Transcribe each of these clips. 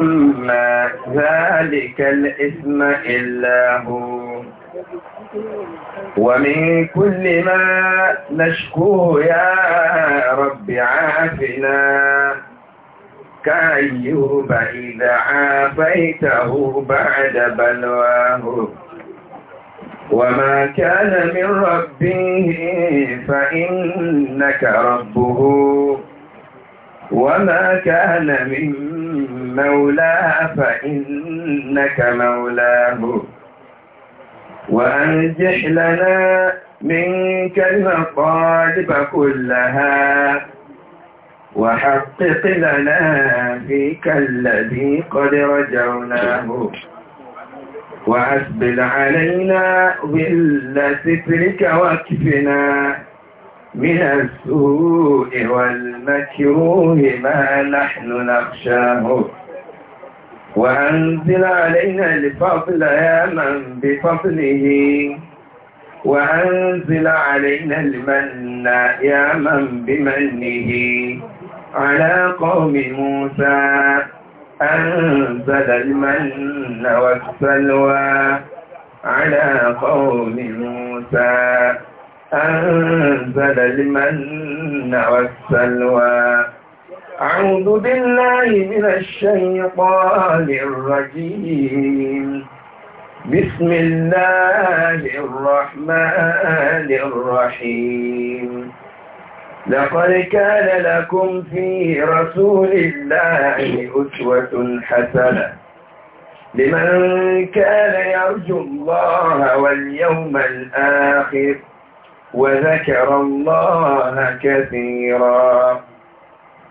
ما ذلك الإثم إلا هو ومن كل ما نشكو يا رب عافنا كأيوب إذا عافيته بعد بلواه وما كان من ربه فإنك ربه وما كان من مولاه فإنك مولاه وأنجح لنا منك المطالب كلها وحقق لنا فيك الذي قد رجوناه وأسبل علينا ظل سترك واكفنا من السوء والمكروه ما نحن نخشاه وأنزل علينا الفضل يا من بفضله وأنزل علينا المن يا من بمنه على قوم موسى أنزل المن والسلوى على قوم موسى أنزل المن والسلوى أعوذ بالله من الشيطان الرجيم بسم الله الرحمن الرحيم لقد كان لكم في رسول الله أسوة حسنة لمن كان يرجو الله واليوم الآخر وذكر الله كثيرا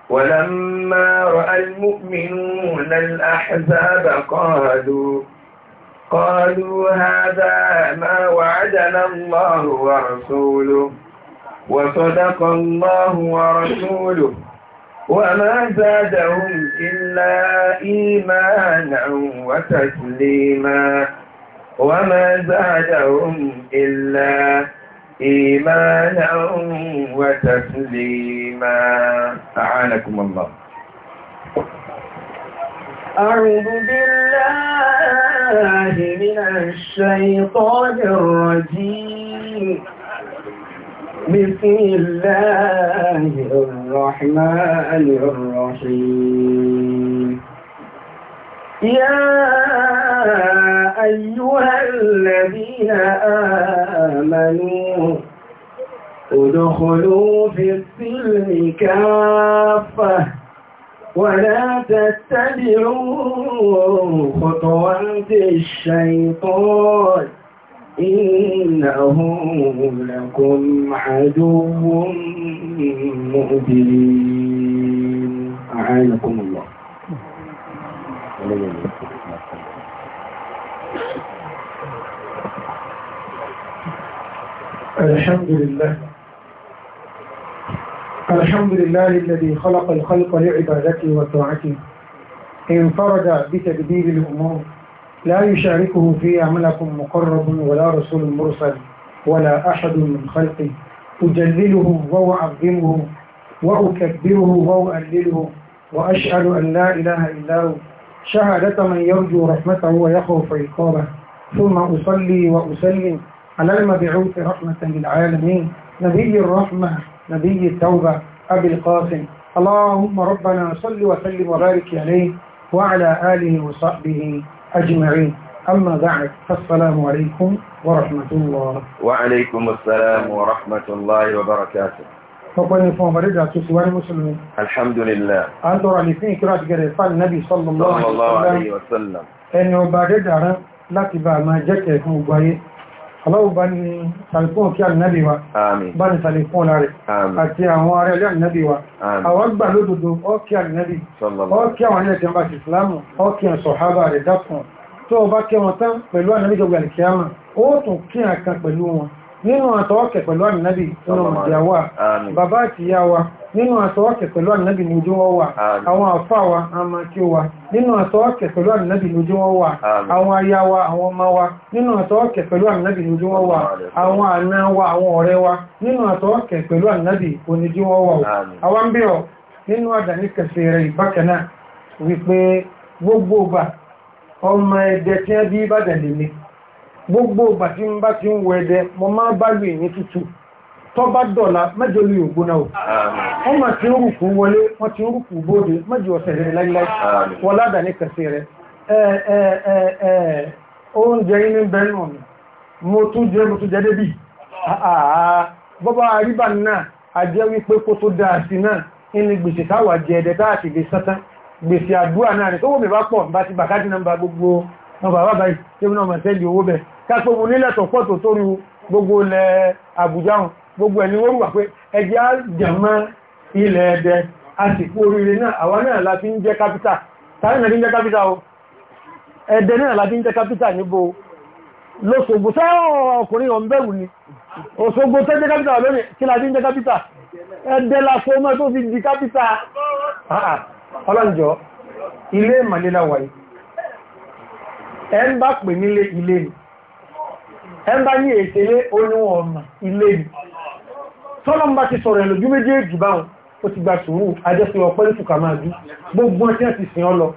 ولما رأى المؤمنون الأحزاب قالوا قالوا هذا ما وعدنا الله ورسوله وصدق الله ورسوله وما زادهم إلا إيمانا وتسليما وما زادهم إلا إيمانا وتسليما أعانكم الله أعوذ بالله من الشيطان الرجيم بسم الله الرحمن الرحيم يا أيها الذين آمنوا ادخلوا في السلم كافة ولا تتبعوا خطوات الشيطان إنه لكم عدو مبين أعانكم الله الحمد لله الحمد لله الذي خلق الخلق لعبادته وطاعته انفرد بتدبير الأمور لا يشاركه فيها ملك مقرب ولا رسول مرسل ولا أحد من خلقه أجلله وأعظمه وأكبره واؤلله وأشهد أن لا إله إلا هو شهادة من يرجو رحمته ويخوف عقابه ثم أصلي وأسلم على المبعوث رحمة للعالمين نبي الرحمة نبي التوبة أبي القاسم اللهم ربنا صل وسلم وبارك عليه وعلى آله وصحبه أجمعين أما بعد فالسلام عليكم ورحمة الله وعليكم السلام ورحمة الله وبركاته Ọpẹ́ ni fún ọmọdé ìdàtò sí wáyé Mùsùlùmí. Alhamdulillah. A ń tọrọ àlèfín ìkírà ti gẹ̀rẹ̀ fún Nàbí sallallahu alaihi wasallam. Ẹni ọba dẹ́dàrán láti bá máa jẹ́kẹ̀ fún ògbáyé. Aláwọ̀ bá ní sàlìfún kí ànàbí wa, bá ní sàlìfún láre, àti àwọn ará ilé ànàbí wa. Àwọn gbà lódodo, ó kí ànàbí, ó kí àwọn ilẹ̀ tí wọ́n bá ti Ìsìlámù, ó kí àwọn sọ̀hábà rẹ̀ dákùn. Tó bá kí wọn tán pẹ̀lú ànàbí jọ nínú àtọwọ́kẹ̀ pẹ̀lú ànìyàn ìyàwó bàbá àti ìyá wa nínú àtọwọ́kẹ̀ pẹ̀lú ànìyàn lójú wọ́n wà àwọn àfá wa àmà kí wa nínú àtọwọ́kẹ̀ pẹ̀lú ànìyàn lójú wọ́n àwọn aya wa àwọn ọmọ wa nínú àtọwọ́kẹ̀ pẹ̀lú ànìyàn lójú wọ́n wà àwọn wa àwọn ọ̀rẹ́ wa nínú àtọwọ́kẹ̀ gbogbo ọba ma gbogbo ìgbà tí ń bá ti ń wẹ̀ẹ́dẹ mọ máa bá lù ní tútù tó bá dọ̀la mẹ́jọ o wọ́n máa ti ń rùkú wọlé wọ́n ti ń rùkú bóde mẹ́jọ ọ̀sẹ̀ rẹ̀ láíláí wọ́n ládàá ní rẹ̀ oúnjẹ inú bẹ́ẹ̀nù mo tún jẹ́ mo tún jẹ́ débì bọ́bá àríbà náà àjẹ́ wípé kó tó dáa sí náà inú gbèsè táwà lè sátán gbèsè àdúrà náà ni tó wọ́n mi bá pọ̀ bá ti bàkájì náà gbogbo wọn bàbá tí mọ̀ owó kápẹ́ ogun nílẹ̀ tó pọ̀ tó tóru gbogbo ilẹ̀ Àbújá gbogbo ẹni wọ́n wà pé ẹjẹ́ jẹ̀mọ́ ilẹ̀ ẹ̀dẹ àsìkò oríire náà àwọn náà láti ń jẹ́ kápítà tàbí náà o ẹ̀dẹ náà láti ń jẹ́ kápítà níbo lóṣogbo sọ́rọ̀ ọkùnrin ọ̀bẹ̀rù ni Òṣogbo tó jẹ́ kápítà lónìí kí láti ń jẹ́ kápítà ẹ̀dẹ́ lásọ ọmọ tó fi di kápítà ọlọ́njọ́ ilé ìmàlélàwàí ẹ ń bá pè nílé ilé ni ẹ ń bá ní èsèré olówó ọmọ ilé ni tọ́lọ́ ń bá ti sọ̀rọ̀ ẹ̀lójú méjèèjì báwọn ó ti gba sùúrù ajẹ́sí ọpẹ́ ní fùkà máa dú gbogbo ọtí àti sìn ọ lọ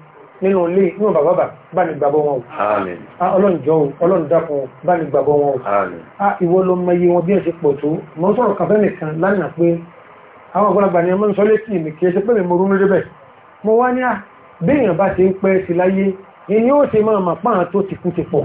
nínú ilé inú bàbá bà bá ní gbàgbọ́ wọn o ọlọ́njọ́ o ọlọ́ndàkùn bá ní gbàgbọ́ wọn o ìwọ ló mọ iye wọn bí ẹ ṣe pọ̀ tó mọ ń sọ̀rọ̀ kàfẹ́ nìkan lánàá pé àwọn àgbàlagbà ni ẹ máa ń sọ létí mi kì í ṣe pé mi mo lórí bẹ́ẹ̀ mo wá ní à béèyàn bá ṣe ń pẹ́ sí láyé ni yóò ṣe máa mà páà tó ti kú ti pọ̀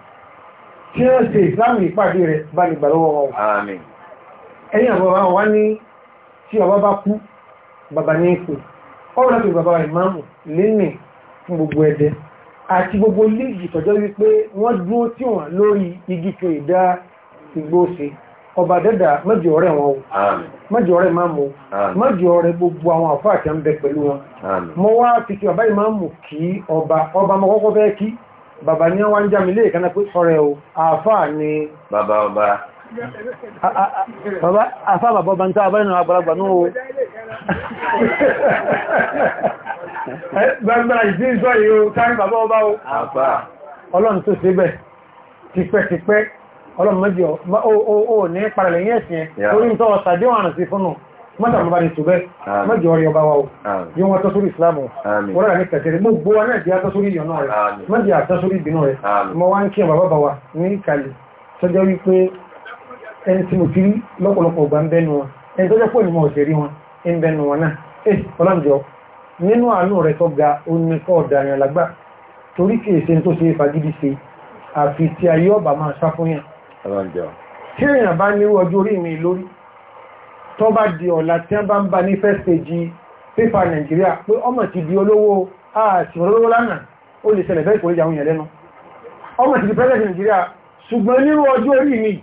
kí ó ṣe ìsìláàmù ìpàdé rẹ̀ bá ní gbàlọ́wọ́ wọn ẹ̀yìn àwọn àwọn wá ní tí ọba bá kú bàbá ní ìpò ọ̀rọ̀ láti bàbá ìmáàmù lẹ́nì fún gbogbo ẹ̀dẹ́ àti gbogbo líìgì tọ́jọ́ wípé wọ́n dúró tí wọ́n lórí igi tó ìdá ìgbóòsè ọba dẹ́dà mẹ́jọ ọ̀rẹ́ wọn o mẹ́jọ ọ̀rẹ́ ìmáàmù mẹ́jọ ọ̀rẹ́ gbogbo àwọn àfáà tí a ń bẹ pẹ̀lú wọn mo wá fi kí bàbá ìmáàmù kí ọba ọba mọ́kọ́kọ́ fẹ́ kí bàbá ní wọ́n já mi lé ìkánná pé ọ̀rẹ́ o àfáà ni bàbá ọba àfáà bàbá ọba ń tá àbáyìnà àgbàlagbà náà o gbàgbà ìdí yìí o kárí bàbá ọba o ọlọ́run tó sí mọ́ta mọ́ bá ní tó bẹ́ mọ́jọ ọ̀rẹ́ ọba wa o yíò wọ́n tọ́sórí islamu wọ́n rà ní kẹsẹ̀rẹ̀ gbogbo wa náà di atọ́sórí ìyọ̀nà rẹ̀ mọ́jì àtọ́sórí ìbínú rẹ̀ mọ́ wá ń kí ọba bàbá wa ní ìkàlẹ̀ tọ́jọ́ wípé ẹni tí mo ti rí lọ́pọ̀lọpọ̀ ọgbà ń bẹ́nu wọn ẹni tọ́jọ́ pọ̀ ní mọ̀ ọ̀sẹ̀ rí wọn ń bẹ́nu wọn náà ẹ eh, ọlọ́njọ́ nínú àánú rẹ̀ tó ga oníkọ́ ọ̀dàyàn lágbà torí kì í ṣe tó ṣe fagídí ṣe àfi tí ayé ọba máa sá tó bá di ọ̀la tí wọ́n bá ń ba ní first stage pépà nàìjíríà pé ọmọ ti di olówó àṣìwọ̀lówó lánàá ó lè ṣẹlẹ̀ fẹ́ ìkòlẹ́jà òun yẹn lẹ́nu ọmọ ti di president nàìjíríà ṣùgbọ́n nírú ọjọ́ orí mi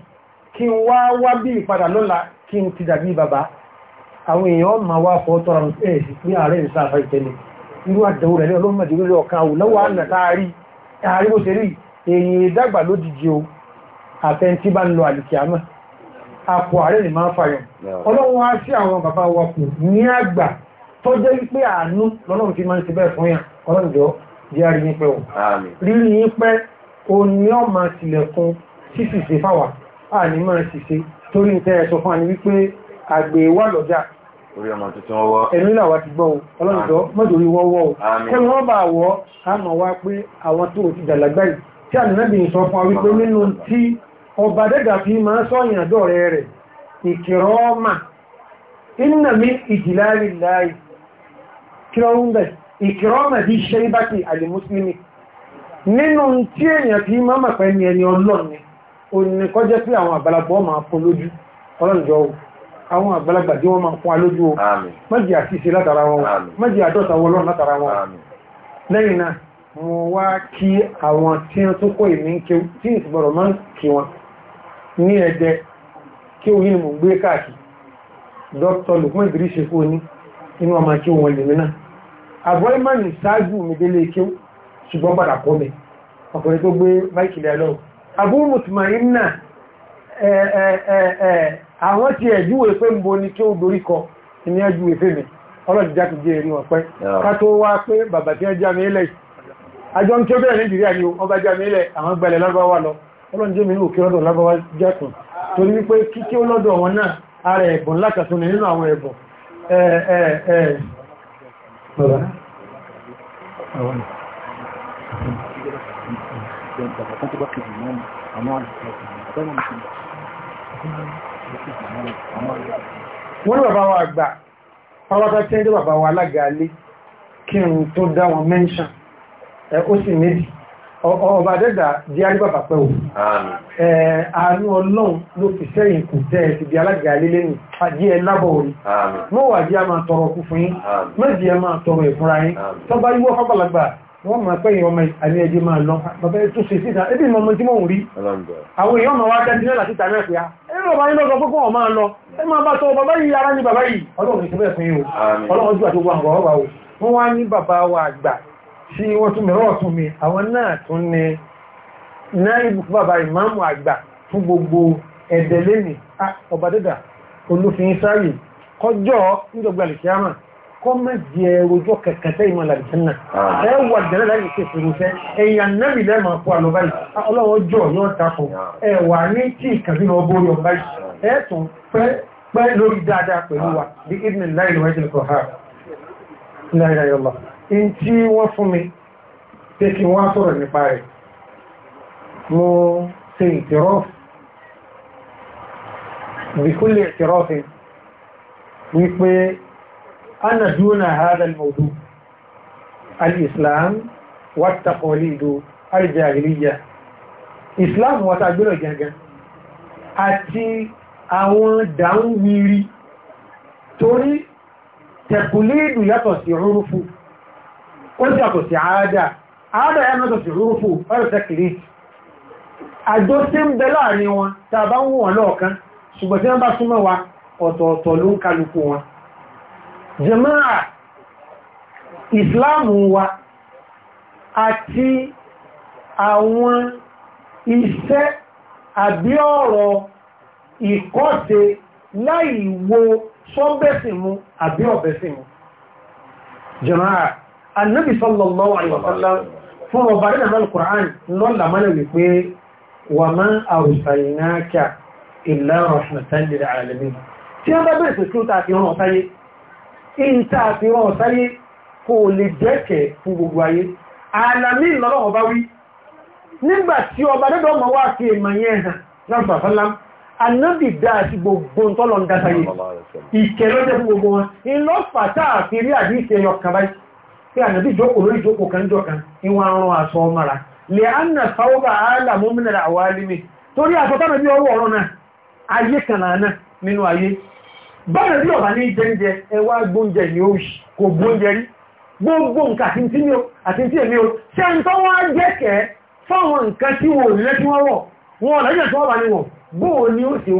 kí n wá wá bí ìpadà lọ́la kí n ti dàbí bàbá àwọn èèyàn ma wá bá ń lọ àlùkìámọ́ àpò ààrẹ ni máa fàyọ̀ ọlọ́run wá sí àwọn bàbá wa kù ní àgbà tó jẹ́ wípé àánú lọ́lọ́run fi máa ń ṣe bẹ́ẹ̀ fún yàn ọlọ́run jọ jẹ́ àrí yín pẹ́ o rírí yín pẹ́ o ní ọmọ tilẹ̀kùn sísìsì fáwà a ní máa ṣìṣe torí ń tẹ́ ẹ sọ fún àní wípé àgbè wà lọ́jà ẹ̀mí làwà ti gbọ́ ọlọ́run jọ mọ́jòrí a mọ̀ wá pé àwọn tó ti dàlágbáyì tí ànínábì ń sọ fún tí ọba dẹ́gà fi máa sọ́yìn àdọ́rẹ́ rẹ̀ ìkìrọ́ọ́mà iná mi ìdìláàrí láì kíọ́ǹgẹ̀ ìkìrọ́ọ́mà bí ṣe ibáti alìmúslimi nínú tí èèyàn fi máa mọ̀ pẹ̀lú ẹni ọlọ́ni onìkọ́jẹ́ pé àwọn àgbàlagbà máa fún lójú ọlọ́njọ́ àwọn àgbàlagbà tí wọ́n máa fún alójú o mọ́jì àṣìṣe látara wọn mọ́jì àdọ́ta wọn lọ́nà látara wọn lẹ́yìn náà mo wá kí àwọn tí wọ́n tó kó ìmí tí ìsìgbọ̀rọ̀ máa kí wọn ní ẹ̀dẹ́ kí o yí gbé káàkì dr lukman idris fún ní inú ọmọ kí wọn lè mìíràn àbọ̀ ìmọ̀nì ṣáájú mi délé ṣùgbọ́n padà kọ́ mi ọkùnrin tó gbé báìkì lẹ́ lọ́wọ́ Abu Mutmainna àwọn ti kọ mi tí ọlọ́njẹ́mi ní òkè ọdọ̀ lábọ́wá jẹ́kùn tó wípé kíkí ó wọn náà ara ẹ̀bùn lákàtún nínú àwọn ẹ̀bùn wọ́n bàbá wa àgbà pàwọ́ta tí ń bàbá wa kí n tó dá wọn mẹ́ńṣàn ó sì méjì ọba dẹ́dà di arígbàbà pẹ́ òun àánú ọlọ́run ló fi sẹ́yìn kù tẹ́ ẹ̀ ti di alága lílé nì àjí ẹ lábọ̀ orí jí a máa tọrọ kú fún yín méjì ẹ máa tọrọ ìfúnra yín tọ́bá yíwọ́ fábàlagbà wọ́n máa pẹ́yìn ọmọ àní ẹjẹ́ máa lọ bàbá tó ṣe síta ẹbí tí rí àwọn èèyàn a bàbá fún ọmọ lọ ẹ máa bá bàbá yìí ara ní bàbá yìí ọlọ́run fún tí wọ́n tún mẹ́rọ̀ ọ̀tún mi àwọn náà tún ní náírà bàbá ìmáàmù àgbà fún gbogbo ẹ̀dẹ̀ lẹ́nì ọba dẹ́dà olófin sáyè kọjọ́ nígbàgbà lìkíámà kọ́ mẹ́jì ẹrojọ́ kẹkẹtẹ́ ìmọ̀ làbìsánà ah. ẹ wà jẹ́ láti ṣe fèrèsẹ́ ẹ̀yà náàbì lẹ́mà fún àlọ́bá yìí ọlọ́wọ́ jọ yóò tako ah. ẹ wà ní tí ìkàbí lọ bó yọ báyìí ah. ẹ tún in tí wọ́n fún mi pé kí wọ́n sọ̀rọ̀ nípa rẹ̀ mo ṣe ìtìrọ́fù بكل اعتراف ويقول أنا دون هذا الموضوع الإسلام والتقاليد الجاهلية Islam wàtàgbélò gẹ̀gẹ̀ àti àwọn dáhùn wírí torí tẹ̀kùlé ìdù yàtọ̀ sí rúrúfú ó yàtọ̀ sí àádà àádà yà mẹ́tọ̀ sí rúfù ọ́rẹ̀sẹ̀kìlì tí ń bẹ láàrin wọn bá ń lọ́ọ̀kan tí wọ́n bá súnmọ́ wa ọ̀tọ̀ọ̀tọ̀ ló ń wọn ìsìláàmù wa àti àwọn iṣẹ́ àbí ọ̀rọ̀ sọ́bẹ̀sìn mu àbí ọ̀bẹ̀sìn mu annabi sallallahu alaihi wasallam fún ọba nínú al-Qur'an lọ́la mọ́nà wípé wa ma arsalnaka illa rahmatan lil alamin tí a bá bẹ̀rẹ̀ sí kí ó tààfi rán ọ̀sáyé in tààfi rán ọ̀sáyé kò lè jẹ́kẹ̀ fún gbogbo ayé alàmì lọ́lọ́wọ́ bá wí nígbà tí ọba dẹ́dọ̀ ọmọ wá sí èmà yẹn hàn lọ́gbàfálám gbogbo tọ́lọ̀ ń dásáyé ìkẹ̀lọ́jẹ́ fún gbogbo wọn in lọ́fà rí àdíṣẹ́ yọ kàbáyé pé ànàbí ìjókòó lórí ìjókòó kan jọ kan ìwọ̀n mara. le ọmọra lè anna sáwọ́bà alàmúmìnira àwọn torí àṣọ́tánà bí ọwọ́ ọ̀rọ̀ náà ayé kànáà nínú ayé báyìí aye ọ̀bá ní jẹ́ǹjẹ ẹwà gbóúnjẹ ni ó kò gbóúnjẹ rí gbogbo nǹkan o ṣe ń tọ́ wọ́n á jẹ́kẹ́ fáwọn nǹkan tí wọ́n lẹ́ tí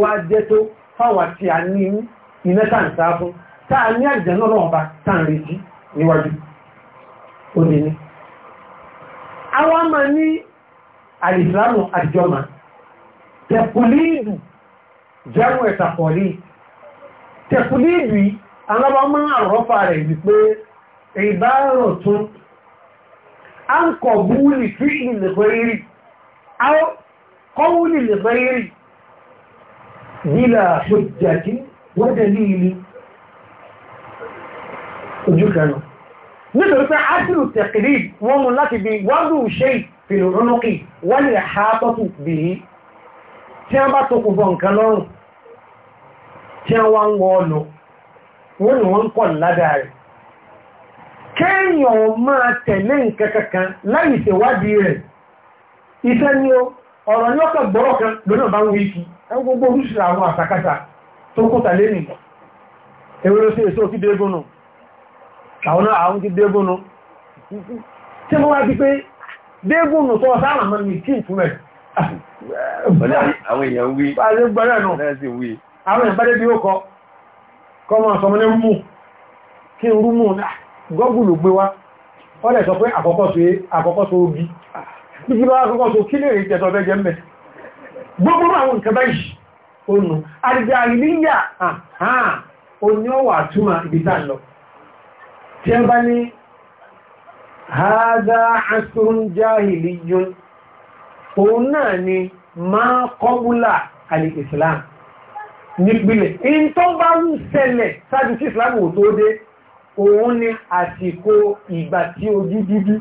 wọ́n ni a ó lè ní àwọn ọmọ ní alìsìlámù àjọmà tẹ̀kùlìdù jẹ́mù ẹ̀tàkọ̀lì tẹ̀kùlìdù alábọ́mọ́ àrọ́fà rẹ̀ wípé ìbárò tún a ń kọ̀ búúlì sí ìlẹ̀gbẹ̀rì kọ́wúlì lẹ̀gbẹ̀rì nílà ṣòjàkí wọ́dẹ̀ ní ilé ojú kanáà nítorí pé ádùrù tẹ̀kìrí wọ́n mú láti bí wádù ṣe fìlòrónókì wọ́n lè ha tọ́tù bí i tí wọ́n bá tókù bọ̀ nǹkan lọ́rùn tí wọ́n ń wọ́ ọ̀nà wọ́n ni wọ́n ń pọ̀ ládàá máa tẹ̀lé nǹkan kankan láì rẹ̀ kan àwọn àwọn ti dégúnnú tí mo wá ti pé dégúnnú tó sáàmà mọ́ ní tí ìfúnmẹ̀ àwọn èèyàn wí àwọn èèyàn bá dé bí ó kọ kọmọ sọmọ ní mú kí n rú mú ah, gọ́gùlù gbé wá wọ́n lẹ̀ sọ pé àkọ́kọ́ so ogi títí bá àkọ́kọ́ so kí lè rí tẹ́tọ́ bẹ́ jẹ́ mẹ́ gbogbo àwọn nǹkan báyìí onu àdìjà ìlíyà àhán oníọ́wà túnmà ìbítà lọ tí ẹ bá ní haza asrun jahiliyun òun náà ni máa kọbúlà alìkìsìláàmù nípìnlẹ̀. in tó bá ń ṣẹlẹ̀ sáájú tí ìsìláàmù tó dé òun ni àsìkò ìgbà tí ojú dúdú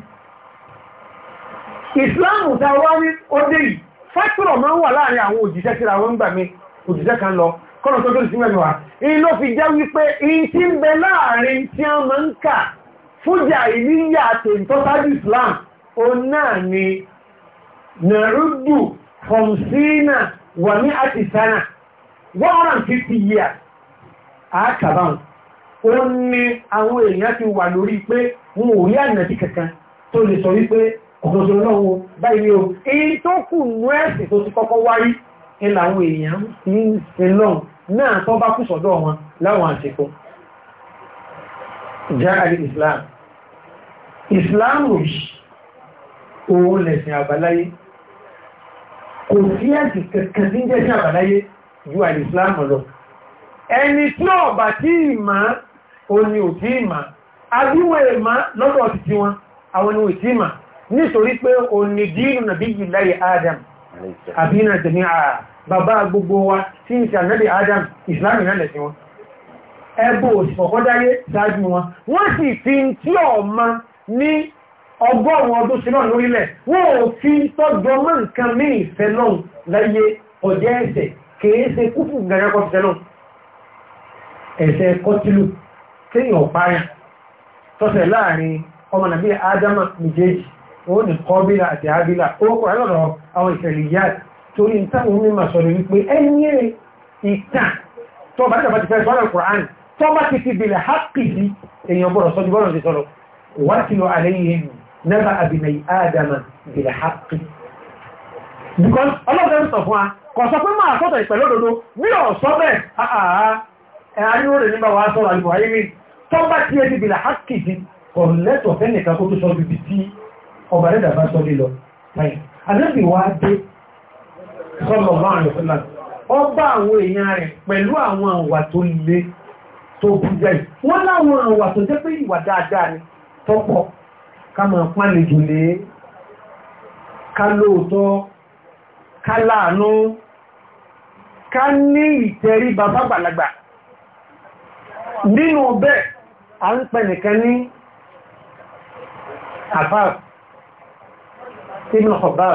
ìsìláàmù tá wá ní ó dé yìí fẹ́tùrọ̀ máa wà láàrin àwọn òjíṣẹ́ síra wọ́n gbà mí òjíṣẹ́ kan lọ kọ́nà tó tó ló fi jẹ́ wípé in tí ń bẹ láàrin tí wọ́n máa ń kà fújà ìníyà tèntọ́sájú Islam òun náà ni nàrúdù fọ̀mùsínà wà ní àtìsánà 150 years àákàbáhùn ó ní àwọn èèyàn ti wà lórí pé wọn ò rí ànàtí kankan tó lè sọ wípé ọ̀tọ̀tọ̀ lọ́wọ́ báyìí o èyí tó kù nú ẹ̀sìn tó ti kọ́kọ́ wárí ẹ̀là àwọn èèyàn ń sin lọ́hùn náà tó bá kú sọ́dọ̀ wọn láwọn àsìkò jáàrí islam islam rí òun lẹ̀sìn àbáláyé kò sí ẹ̀sìn kankan tí ń jẹ́ sí àbáláyé ju àrí islam lọ ẹni tí ó bá tí ìmá o ni ò tí ìmá àbíwẹ̀ ìmá lọ́dọ̀ ti ti wọn àwọn ni ò tí ìmá nítorí pé o ni dínú nàbí yìí láyé adam àbínà jẹ̀mí àà bàbá gbogbo wa tí ń sàrẹ́lì adam islam náà lẹ̀sìn wọn ẹbò òsìfọ̀kọ́dáyé sáájú wọn wọ́n sì fi ń tí ọ̀ma ní ọgọ́rùn-ún ọdún sí náà lórílẹ̀ wọ́n ò fi tọ́jọ mọ́ nǹkan mí ìfẹ́ náà láyé ọjẹ́ ẹ̀sẹ̀ kìí ṣe kúfù gẹ̀rẹ́kọ́ fẹ́ náà ẹ̀sẹ̀ kọtílù kéèyàn páyà tọ́sẹ̀ láàrin ọmọ nàbí adama méjèèjì òun ní kọ́bílà àti ábílà ó kọ̀ àwọn ìṣẹ̀lẹ̀ yáàtì torí ìtàwọn mímọ̀ sọ̀rọ̀ wípé ẹni ìta tó bá tàbí fẹ́ sọ́rọ̀ Kùránì tó bá ti fi bèèrè hápìsí èèyàn bọ̀rọ̀ sọ́jú bọ́rọ̀ ti sọ̀rọ̀ wá sí lọ àlẹ́yìn nẹ́bà àbìnà àdàmà bèèrè hápì because ọlọ́gbẹ́ sọ fún wa kọ̀ sọ pé máa sọ́tọ̀ ìpẹ̀lú òdodo bí ọ̀ sọ bẹ́ẹ̀ àà ẹ̀rọ rẹ̀ nígbà wà sọ̀rọ̀ àlùkò ayé mi tó bá ti ẹni bèèrè hápì sí kọ̀ lẹ́tọ̀ fẹ́ nìkan kó tó sọ́lọ̀ bá àrùn fúnlá ọ bá àwọn èèyàn rẹ̀ pẹ̀lú àwọn àwà tó le tó bú jẹ́ wọ́n láwọn àwà tó jẹ́ pé ìwà dáadáa ni tọ́pọ̀ ká máa pánlejò lé ká lóòótọ́ ká nínú bẹ́ẹ̀ a ń pẹ nìkan ní àfáà tí mọ̀ ọ̀báà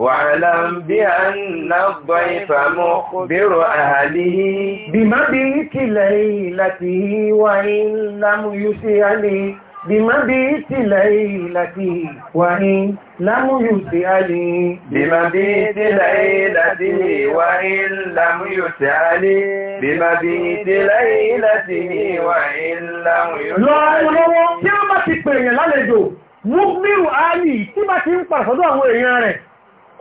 واعلم بأن الضيف مخبر أهله بمبيت ليلته وإن لم يسأل بمبيت ليلته وإن لم يسأل بمبيت ليلته وإن لم يسأل بمبيت ليلته وإن لم يسأل lọ́wọ́lọ́wọ́ tí ó bá ti pèèyàn lálejò mú mírù áàlì tí bá ti ń pàṣọ́dọ̀ àwọn èèyàn rẹ̀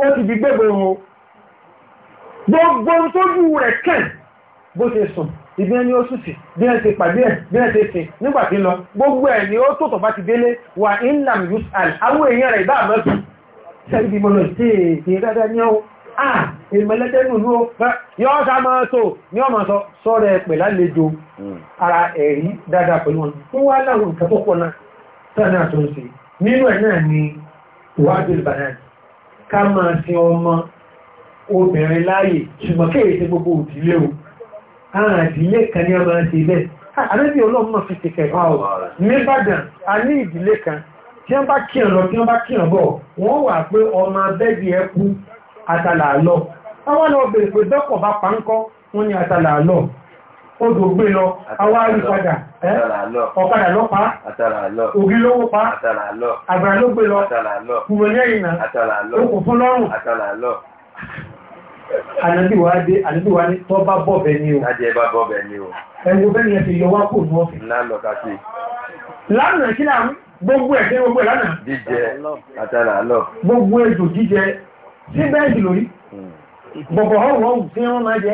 ó ti fi gbẹ́gbẹ́ wọn gbogbo tójú rẹ̀ kẹ́ẹ̀ bó ṣe sùn ibi ẹni ó sùsì bí ẹ ti pàdé ẹ bí ẹ ti sìn nígbàtí lọ gbogbo ẹ̀ ni ó tó tọ̀ bá ti délé wà in lam yus al àwọn èèyàn rẹ̀ ìbá àmọ́sùn sẹ́ríbi mọ́lọ̀ tí èèyàn dáadáa ní ọ́ ah ìmọ̀lẹ́jẹ́ nùlú yọ́ sá máa tó ní ọmọ sọ sọ́rẹ̀ pẹ̀ lálejò hmm. ara ẹ̀rí dáadáa pẹ̀lú wọn fún wá láwọn nǹkan tó pọ̀ náà tẹ́lẹ̀ àtúnṣe nínú ẹ̀ náà ni ìwádìí ìbànáà ká máa sin ọmọ obìnrin láàyè ṣùgbọ́n kéèrè sí gbogbo òdílé o àwọn àdílé kan ní ọmọ ṣe bẹ́ẹ̀ àrẹ́bí ọlọ́mọ fi ṣe kẹfà ọ̀ nígbàdàn a ní ìdílé kan tí wọ́n bá kíyàn lọ tí wọ́n bá kíyàn bọ̀ wọ́n wà pé ọmọ bẹ́ẹ̀dì ẹkú àtàlà lọ wọ́n wá lọ bèèrè pé bẹ́ẹ̀kọ̀ bá pa ń kọ́ wọ́n ní àtàlà lọ odò gbé lọ awárí padà ọ̀kadà lọ pa ògì lówó pa àgbàrá ló gbé lọ kùmọ̀lẹ́ ìnà okùn fún lọ́rùn ànábì wa ní tọ́ bá bọ̀bẹ̀ ni o ẹgbẹ́ bẹ́ẹ̀ ni ẹ ti yọ wá kò ní ọ́fì lánàá kí náà gbogbo ẹ̀ kí gbogbo ẹ̀ lánàá jíjẹ àtàrà lọ gbogbo ètò jíjẹ sí bẹ́ẹ̀ jù lórí hmm. bọ̀bọ̀ ọ̀rùn ọ̀hún tí wọ́n máa jẹ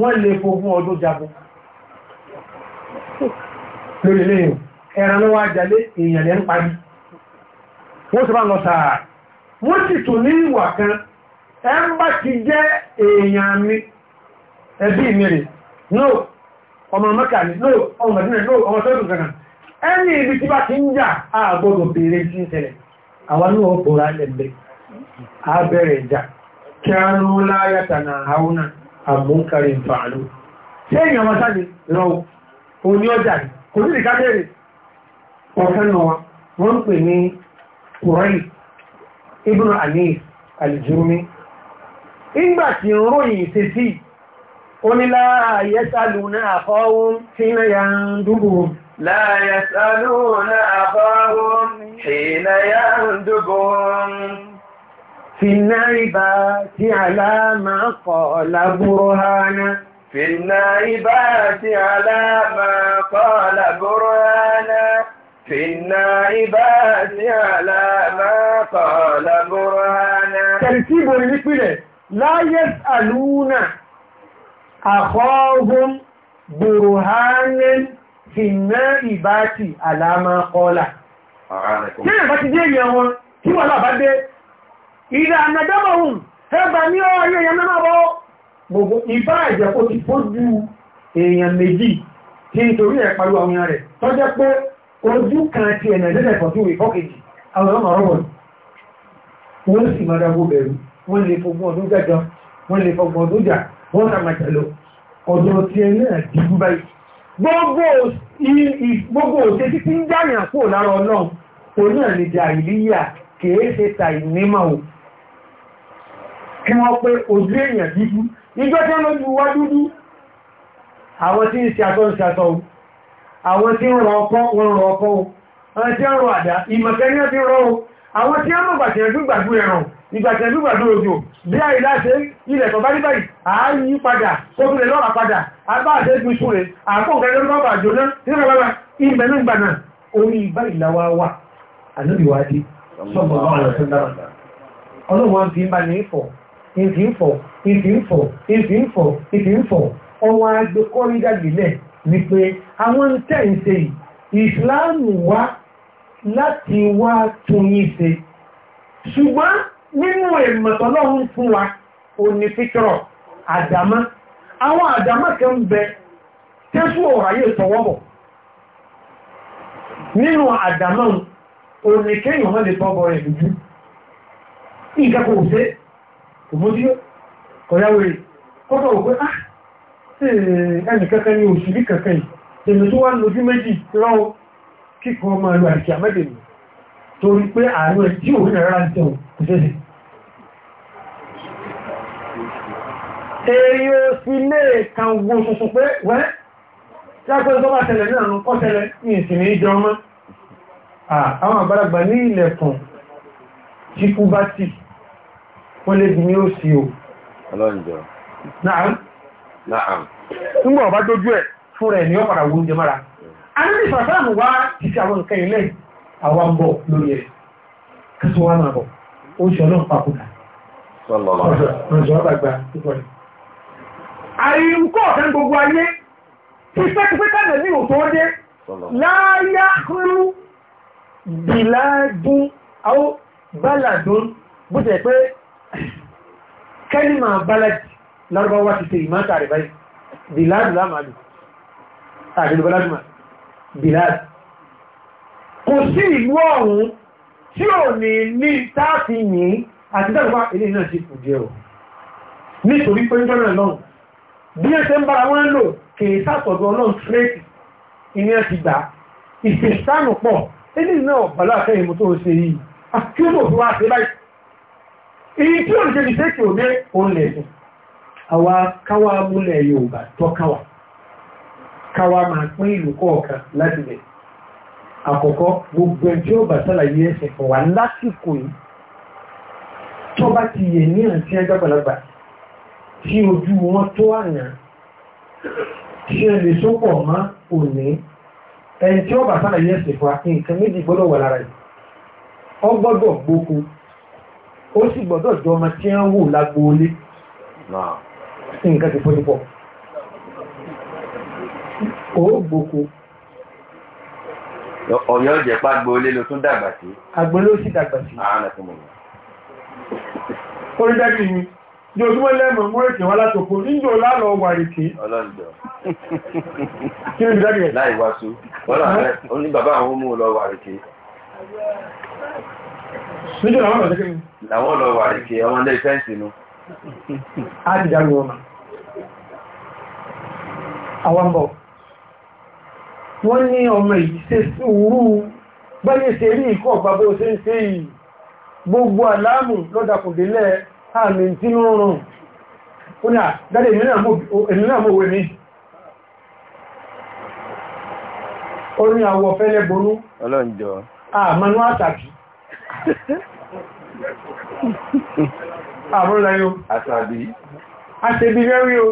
wọ́n lè fogún ọdún jagun lórí ilé ẹran ló wá èèyàn lẹ́ ń parí wọ́n sọ́bá lọ wọ́n kan ẹn bá ti jẹ́ èèyàn mi ẹbí no ọmọ mẹ́kà ní no ọmọ mẹ́dínà no ọmọ sọ́dún kankan ẹni ibi tí bá ti ń jà àgbọ́dọ̀ bèèrè sí ìṣẹ̀lẹ̀ àwọn ní ọ̀pọ̀ rálẹ̀ a rún láyàtà náà àmúkàrí ìfààlú ṣé èèyàn wọn sáàdì rọ òun ní ọjà kò sí ìka bẹ̀rẹ̀ ọ̀kan náà wọ́n ń pè ní kùrẹ́ì ibùn àní àlìjúrúmi ìgbà tí ń ròyìn ìṣesí onílá ayẹ́sàlù náà àfọ́wọ́n tí náà yà ń dúró لا يسألون أخاهم حين يندبون في النعبات على ما قال برهانا في النعبات على ما قال برهانا في النعبات على ما قال برهانا ترتيب النقلة لا يسألون أخاهم برهانا في النعبات على ما قال Tí ẹ̀rẹ̀ bá ti dé ìyẹn wọn, kí wọ́n lábá dé ìrẹ̀ ànàdámọ̀hùn ẹgbà ní ọ̀rẹ́ èèyàn náà bọ́ gbogbo ìbá ìjẹ̀kó ti fojú èèyàn méjì tí nítorí ẹ̀ pàlú àwọn rẹ̀ tó jẹ́ pé ojú kan ti ẹ̀nà ìdẹ́lẹ̀ fọ́tí ìwé fọ́kèjì àwọn ọmọ ọ̀rọ̀ wọ́n sì máa dágbó bẹ̀rù wọ́n lè fọgbọ́n ọdún jẹjọ wọ́n lè fọgbọ́n ọdún jà wọ́n sàmà jẹ̀lọ ọ̀dọ̀ ti ẹ̀ náà dìbú báyìí gbogbo ta ìnímọ̀ kí wọ́n pé ojú èèyàn dúdú ìjọ tí wọ́n lójú wá dúdú àwọn tí ń ṣe àtọ́ ń ṣe àtọ́ àwọn tí ń rọ ọkọ́ wọn rọ ọkọ́ àwọn tí ń rọ àdá ìmọ̀kẹ́ni ti rọ o àwọn tí wọ́n mọ̀gbàtí ẹ̀dúgbàdú ẹ̀rọ ìgbàtí ẹ̀dúgbàdú òjò bí i láṣẹ ilẹ̀ tọ́bá ní báyìí ààyí padà tó fi lè lọ́ra padà àbá àṣẹ́gbù ìṣúre àkóǹkẹ́ lọ́rọ̀ àjò náà tí ó rẹ̀ bá ìbẹ̀ ní ìgbà náà orí báyìí láwá wà àlóríwájú sọ́gbọ̀n ọ̀rọ̀ tó dára ọlọ́wọ́n fi ń bá ní ìfọ̀ ìfìfọ̀ ìfìfọ̀ ìfìfọ̀ ìfìfọ̀ ọwọ́ agbé ni wípé àwọn tẹ́ǹsẹ̀ ìsìláàmù wá láti wá tún yí ṣe ṣùgbọ́n nínú ìmọ̀tọ́lọ́run fún wa òní fítọ́rọ̀ àdámá àwọn àdámá kan ń bẹ tẹ́sù ọ̀rọ̀ ayé tọwọ́bọ̀ nínú àdámá òní kéèyàn mọ́ lè tọ́bọ̀ rẹ̀ lójú òmódí kọ̀yáwó rẹ̀ kọ́kọ́ òpé ah ẹni kẹ́kẹ́ ní òṣìrí kẹ́kẹ́ ìdèmì tó wá ń lójú méjì rán kíkọ́ ọmọ ẹlú àti àmẹ́dèmì torí pé ààrùn ẹ̀ tí òun ẹ̀rá ń tẹ̀wọ̀n kò sẹ́sẹ̀ èyí ò sí lè kan wo tuntun pé wẹ́ lápẹ́ tó bá tẹ̀lẹ̀ ní àrùn kọ́tẹ̀lẹ̀ ní ìsinmi ìjọ ọmọ àwọn àgbàlagbà ní ilẹ̀kùn tí kú wọ́n lè ní ó sí o ọlọ́njọ́ náà náà nígbà ọba dójú ẹ̀ fún rẹ̀ ní ọ̀pàdà oúnjẹ mára a ní ní fàtàmù wá ti fi àwọn nǹkan ilẹ̀ àwọn bọ̀ lórí ẹ̀ kẹsàn wá máa bọ̀ ó ṣe ọlọ́run papòdà ọjọ́ àgbà ìkọlẹ̀ àyíkọ́ ọ̀tẹ́ gbogbo ayé ti pẹ́kipẹ́ kánà ní òtò ọdẹ láyá kúrú bìládún àwọn báládún bó jẹ́ pé kẹ́lìmà balad lárúbáwá ti ṣe ìmá tààrí báyìí bilad lámàlù tààrí balad bilad kò sí ìlú ọ̀hún tí ò ní ní táàfì yìí àti dágbà ilé náà sí fù jẹ́ ọ̀ nítorí pé ń jọ́nà lọ́n bí ẹ ṣe ń bára wọ́n lò kèé sàtọ̀dọ̀ ọlọ́n tírẹ́tì ìní ẹ ti gbà ìṣèṣánù pọ̀ ilé náà bàlá àfẹ́yìnmú tó ń ṣe yìí àti ó lò fi wá ṣe báyìí èyí tí ó jẹ́ mistake ò dé òun lè sùn àwa káwa múlẹ̀ Yorùbá tọ́ káwa káwa máa pín ìlú kọ̀ọ̀kan láti lẹ̀ àkọ́kọ́ gbogbo ẹni tí sàlàyé ẹsẹ̀ fún wa lásìkò yìí tó bá ti yẹ ní àti tí ojú wọn tó àyàn tí ẹ lè sọ́pọ̀ mọ́ òní ó sì gbọ́dọ̀ jọ ọmọ tí ń wù lágbó olé sí nǹkan ti fọ́nípọ̀ ó gbòkó ọ̀yọ́ jẹ́ pá gbóolé ló tún dàgbà sí agbóolé ó sì dàgbà sí ààrẹ ah, tó mọ̀ orí dájú ni jọ tó wọ́n lẹ́mọ̀ mọ́ èkè wọ́n látòkó níjò lálọ́ wà èkè ọlọ́njọ́ kí ní dájú ẹ̀ láìwású wọ́n ní bàbá àwọn ọmọ lọ wà èkè Níjọ́ làwọn ọ̀rọ̀ sí Làwọn ọ̀lọ́ wà ní kí ọmọ ilé fẹ́ǹsì nú. A ti dárú ọmọ. Àwọn bọ̀. Wọ́n ní ọmọ yìí ṣe sùúrù báyé ṣe rí ikọ̀ pàbó ṣe ń ṣe yìí. Gbogbo àlámù lọ́dàkùndínlẹ̀ àmì tí ó rùn. Ó ní àdádé èmi náà mọ̀ wé mi. Ó ní àwọ̀ fẹ́lẹ́ bonú. Ọlọ́njọ́. Àmànú àtàkì àbúrúlá yóò àṣàbí rẹ́rí o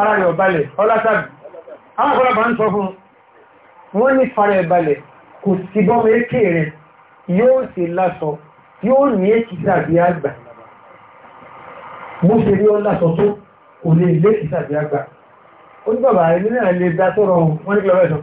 ara rẹ̀ ọ̀balẹ̀ ọlátàbí àwọn ọ̀pọ̀lọpàá ń sọ fún wọ́n ní fara ẹ̀balẹ̀ kò sí bọ́mọ ékè rẹ̀ yóò sì lásọ yóò ní èkìsà bí àgbà bó ṣe rí ọ lásọ tó kò lè lé èkìsà bí àgbà ó ní bàbá ẹni náà lè dá sọ́rọ̀ wọn ní kí lọ́wọ́ ẹ̀sán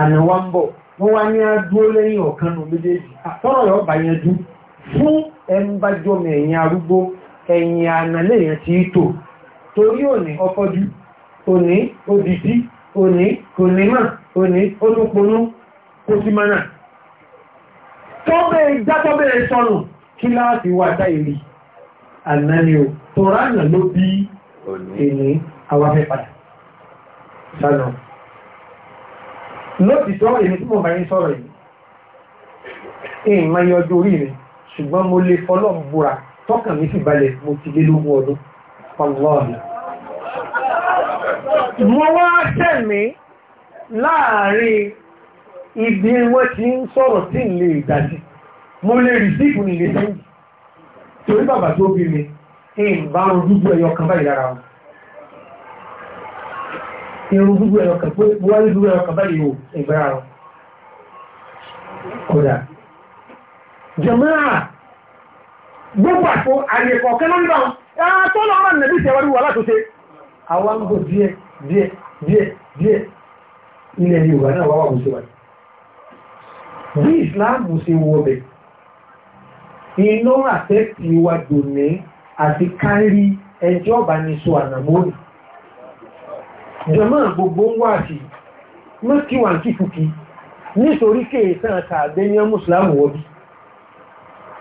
ànàwà ń bọ̀ wọ́n wá ní adúró lẹ́yìn ọ̀kan nù méjèèjì àtọ́rọ̀ yọ bá yẹn dú fún ẹmbájọmọ̀ ẹ̀yìn arúgbó ẹ̀yìn ànàlẹ́ èèyàn ti tò torí òní ọfọ́jú òní òdìdí òní kò ní mà òní olóponú kò sí mánà tọ́bẹ̀ ìgbátọ́bẹ̀ sọnù kí láti wà táìrí ànáni o tọ́rọ àná ló bí èní àwọn afẹ́ padà sálọ lótìtọ́ èmi tí mo bá yín sọ̀rọ̀ yìí èèmọ̀ yọ ọjọ́ orí rẹ̀ ṣùgbọ́n mo lè fọlọ́ búra tọ́kàn mi sì balẹ̀ mo ti lé lógún ọdún ọlọ́ọ̀lá mo wá tẹ̀mí láàrin ibi wọ́n ti ń sọ̀rọ̀ tí ń lè ìdájí mo lè rí sí ìfúnnilé sẹ́yìn torí bàbá tó bí mi èèmọ̀ bá ń dúdú ẹyọ kan báyìí lára wọn irun gbogbo ẹ̀rọ kan pé wọ́n ní gbogbo ẹ̀rọ kan báyìí o ìgbéra rọ kódà jẹmọ́ra gbogbo àpò àyẹ̀kọ̀ kẹ́lọ́nà àtọ́lọ́ ọ̀rọ̀ nẹ̀bí ìṣẹ̀wárí wà látòṣe àwọn ń gò díẹ̀ díẹ̀ díẹ̀ díẹ̀ ilẹ̀ Yorùbá náà wà wà bó ṣe wà bí wa dòní àti kárí ẹjọ́ ọ̀bánisọ ànàmọ́rì jẹmọ́ gbogbo ń wà sí mẹ́kí wà kí fúkí nítorí kéèsàn tàbí ní mùsùlùmù wọ́bí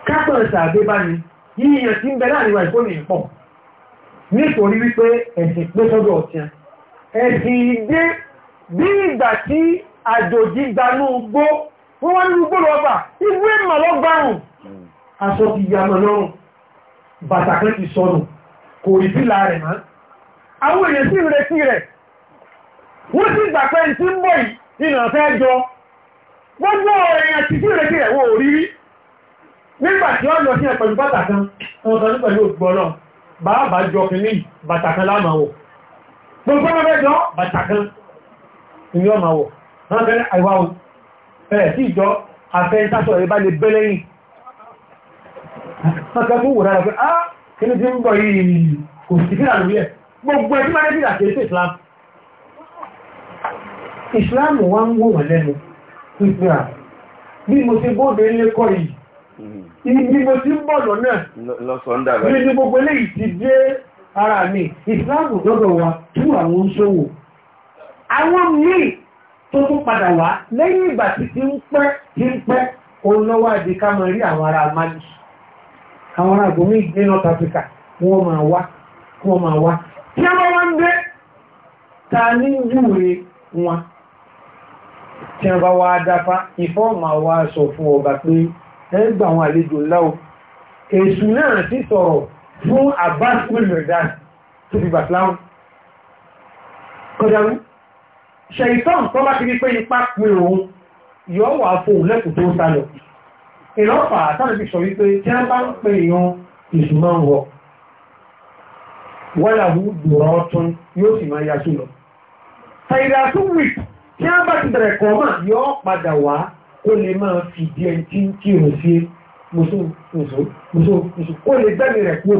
kápẹ̀ tàbí bá ní yíyàn tí ń bẹ láàrin wà ìfóní pọ̀ nítorí wípé ẹ̀sìn pé sọ́dọ̀ ọ̀tíyàn ẹ̀sìn ìdé bí ìgbà tí àjòjì gbanú gbó wọ́n wá nínú gbólọ ọba ìwé màlọ́gbàrùn aṣọ ti yàmọ̀ lọ́rùn bàtàkẹ́ ti sọnù kò rí bí láàrin àwọn èèyàn sí ìrètí rẹ̀ wọ́n sì gbà pé tí ń bọ̀ ìnà fẹ́ jọ gbogbo èèyàn ti fíìrẹ̀ kí ẹ̀wọ̀ òrírí nígbà tí ó lọ sí ẹ̀ pẹ̀lú bàtà kan wọn sọ ní pẹ̀lú ògbọ́ náà bàbá jọ kìíní bàtà kan lámàwọ̀ gbogbo ọmọ bẹ́ẹ̀ jọ bàtà kan ìní ọmọ wọ̀ wọ́n fẹ́ àìwá o ẹ̀ sí ìjọ afẹ́ sásọ̀ ẹ̀ bá lè bẹ́ lẹ́yìn wọ́n fẹ́ fún wòrán rẹ̀ pé ah kí ni ti ń bọ̀ yìí kò sí fíìrà lórí ẹ̀ gbogbo ẹ̀ tí máa ń fíìrà kìí sí Islam ìsìláàmù wá ń wò wọ́n lẹ́nu pípẹ́ à mo ti bóde ilé kọ́ yìí hmm. ibi mo ti bọ̀ lọ́nà níbi gbogbo eléyìí ti dé ara mi ìsìláàmù lọ́dọ̀ wa tú àwọn oúnṣòwò, àwọn míì tó tún padà wá lẹ́yìn ìgbà ti ń pẹ́ ti ń pẹ́ òun lọ́wọ́ àdí ká rí àwọn ará Africa wọ́n máa wá wọ́n máa wá tí a bá wá ń ta ní tí wọ́n bá wá dáfá ìfọ́ọ̀mù àwa sọ fún ọba pé ẹ ń gbà àwọn àlejò láwọ èṣù náà sì sọ̀rọ̀ fún Abbas wilmerdan tó fi gbà láwọn kọjáwú ṣèyítọ́n tó bá ti rí pé ipá pin òun yọ wà fóun lẹ́kùn tó ń sálọ ìlọ́pà àtàlẹ́ fi sọ wípé tí wọ́n bá ń pe èèyàn èṣù máa ń wọ wọ́n làwọn dùrọ̀ ọtún yóò sì máa yasú lọ. Fàyídà tún wípé tí a bá ti bẹ̀rẹ̀ kọ́ mà yọ́ padà wá kó lè máa fi di ẹni tí ń kírun sí mùsùlùmùsù kó lè gbẹ́mi rẹ̀ kú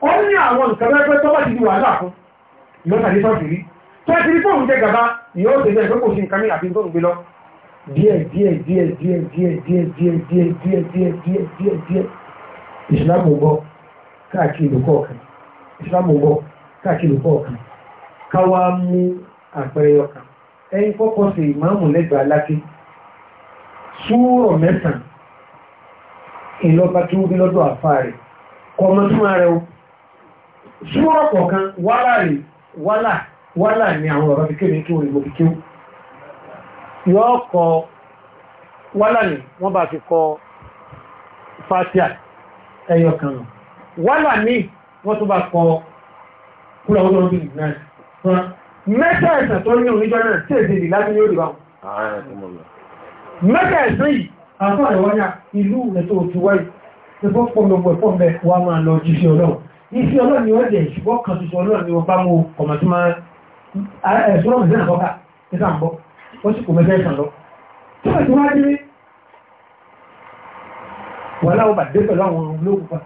ó ní àwọn nǹkan mẹ́fẹ́ tó bá ti di wàhálà fún lọ́sàdé sọ́ọ̀tì rí tó ti rí fóun jẹ́ gàba ìyọ́ ti bẹ̀rẹ̀ pé kò sí nǹkan ní àfi tó ń gbé lọ díẹ̀ díẹ̀ díẹ̀ díẹ̀ díẹ̀ díẹ̀ díẹ̀ díẹ̀ díẹ̀ díẹ̀ díẹ̀ díẹ̀ díẹ̀ ìsìlámù ń bọ̀ káàkiri ìlú kọ̀ọ̀kan ìsìlámù ń bọ̀ káàkiri ìlú kọ̀ọ̀kan káwá mú àpẹẹrẹ ọkàn ẹ̀yin kọ́kọ́ sí ìmáàmù lẹ́gbàá lákí súúrọ̀ mẹ́sàn ìlọ́ba tí ó bí lọ́dọ̀ àfáà rẹ̀ kọmọ túnmà rẹ̀ o súúrọ̀ kọ̀ọ̀kan wálà rẹ̀ wálà wálà ní àwọn ọ̀rọ̀ kíkẹ́ ní kí wọ́n ìgbò kíkẹ́ yọ́ kọ wálà ní wọ́n bá fi kọ mẹ́ta ẹ̀sẹ̀ tó ní oníjọ́ náà tí èdè lè lábí yóò rí bá mẹ́ta ẹ̀sẹ̀ yìí àpá àríwáyà ìlú ẹ̀tọ́ òtù wáyé ẹgbọ́ pọ̀lọpọ̀ ẹ̀fọ́ mẹ́ wà máa lọ jíṣẹ́ ọlọ́run ọlọ́run ni wọ́n jẹ́ ìṣùgbọ́n kan ṣoṣo ọlọ́run ni wọ́n bá mú ọmọ tí máa ẹ̀sùn ọlọ́run sí àkọ́kà ní sàǹbọ́ wọ́n sì kò mẹ́ta ẹ̀sàn lọ tí wọ́n ti wá dé wà láwọn bà dé pẹ̀lú àwọn olóògùn pa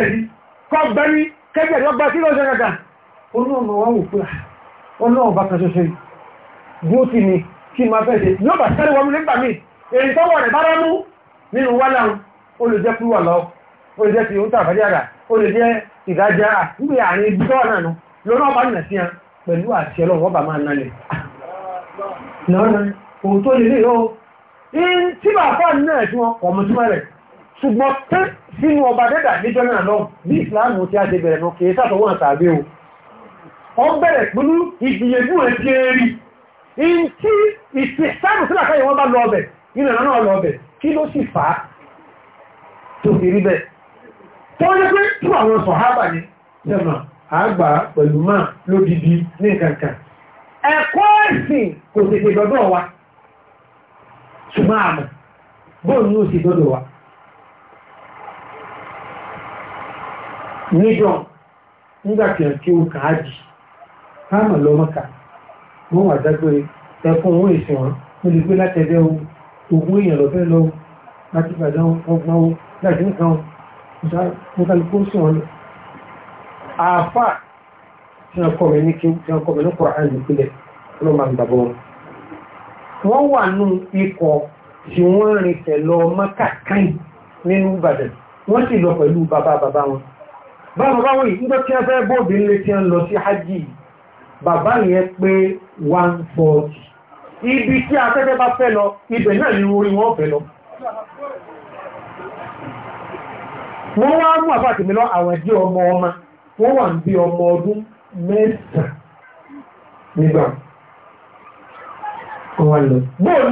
kí ní kọgbẹ́ ní kẹjẹ̀ lọ́gbà tí lọ́jọ́ gàgà olóòmọ̀ wọ́n wò fúra ọlọ́run bá kan ṣoṣo yóò ti ní kí máa fẹ́ ṣe yóò bá sẹ́rẹ̀ wọ́n nígbà míì èyí tó wọ̀ rẹ̀ bára mú nínú wá láhùn ó lè jẹ́ púrúwà lọ ó lè jẹ́ ti oúnjẹ àfẹ́jára ó lè jẹ́ ìdájá níbi àárín ibi tó wà náà nù lọ́nà ọba nà sí han pẹ̀lú àti ọlọ́run wọ́n bá máa nalẹ̀ lọ́nà òun tó lè lè yọ ṣùgbọ́n tán sínú ọba dẹ́dà níjọ́ náà lọ bí ìsìláàmù tí a ṣe bẹ̀rẹ̀ kìí sàtọ̀wọ́ o ọ bẹ̀rẹ̀ pẹ̀lú ìgbìyànjú ẹ̀ ti rí in tí ìsìláàmù sílà káyẹ̀ wọ́n bá lọ ọbẹ̀ inú ẹ̀rọ náà lọ ọbẹ̀ kí ló sì fà á tó fi rí bẹ́ẹ̀ tó pé tú àwọn ni sẹ́mà àgbà pẹ̀lú máa lódìdí ní kankan ẹ̀kọ́ ẹ̀sìn kò tètè dọ́dọ̀ wa níjọ́ nígbàtí ẹ̀kí ó kàájì káàmà lọ mọ́ka wọ́n wà dágbére ẹkùn òun èsì wọn mo lè gbé látẹ̀dẹ́ o ògùn èèyàn lọ́fẹ́ lọ láti gbàdán ọgbọ́n o láti nǹkan mo ká lóko sí wọn lọ. àáfà tí wọn kọ mi ní kí wọn kọ mi ní kọ́ra àìlú pílẹ̀ ló máa ń gbàgbọ́ wọn. wọ́n wà nù ikọ̀ tí wọ́n rìn tẹ̀ lọ mọ́ka káyìn nínú Ìbàdàn wọ́n sì lọ pẹ̀lú bàbá bàbá wọn báwọn báwọn yìí nígbà tí a fẹ́ bóòbí lè tí a ń lọ sí hajj bàbá yẹn pé 140 ibi tí a fẹ́fẹ́ bá fẹ́ lọ ibẹ̀ náà ni orí wọn fẹ́ lọ wọ́n wá mú àfáàtì mi lọ àwọn ẹ̀dí ọmọ ọmọ wọ́n wà ń bí ọmọ ọdún mẹ́sàn-án nígbà wọn lọ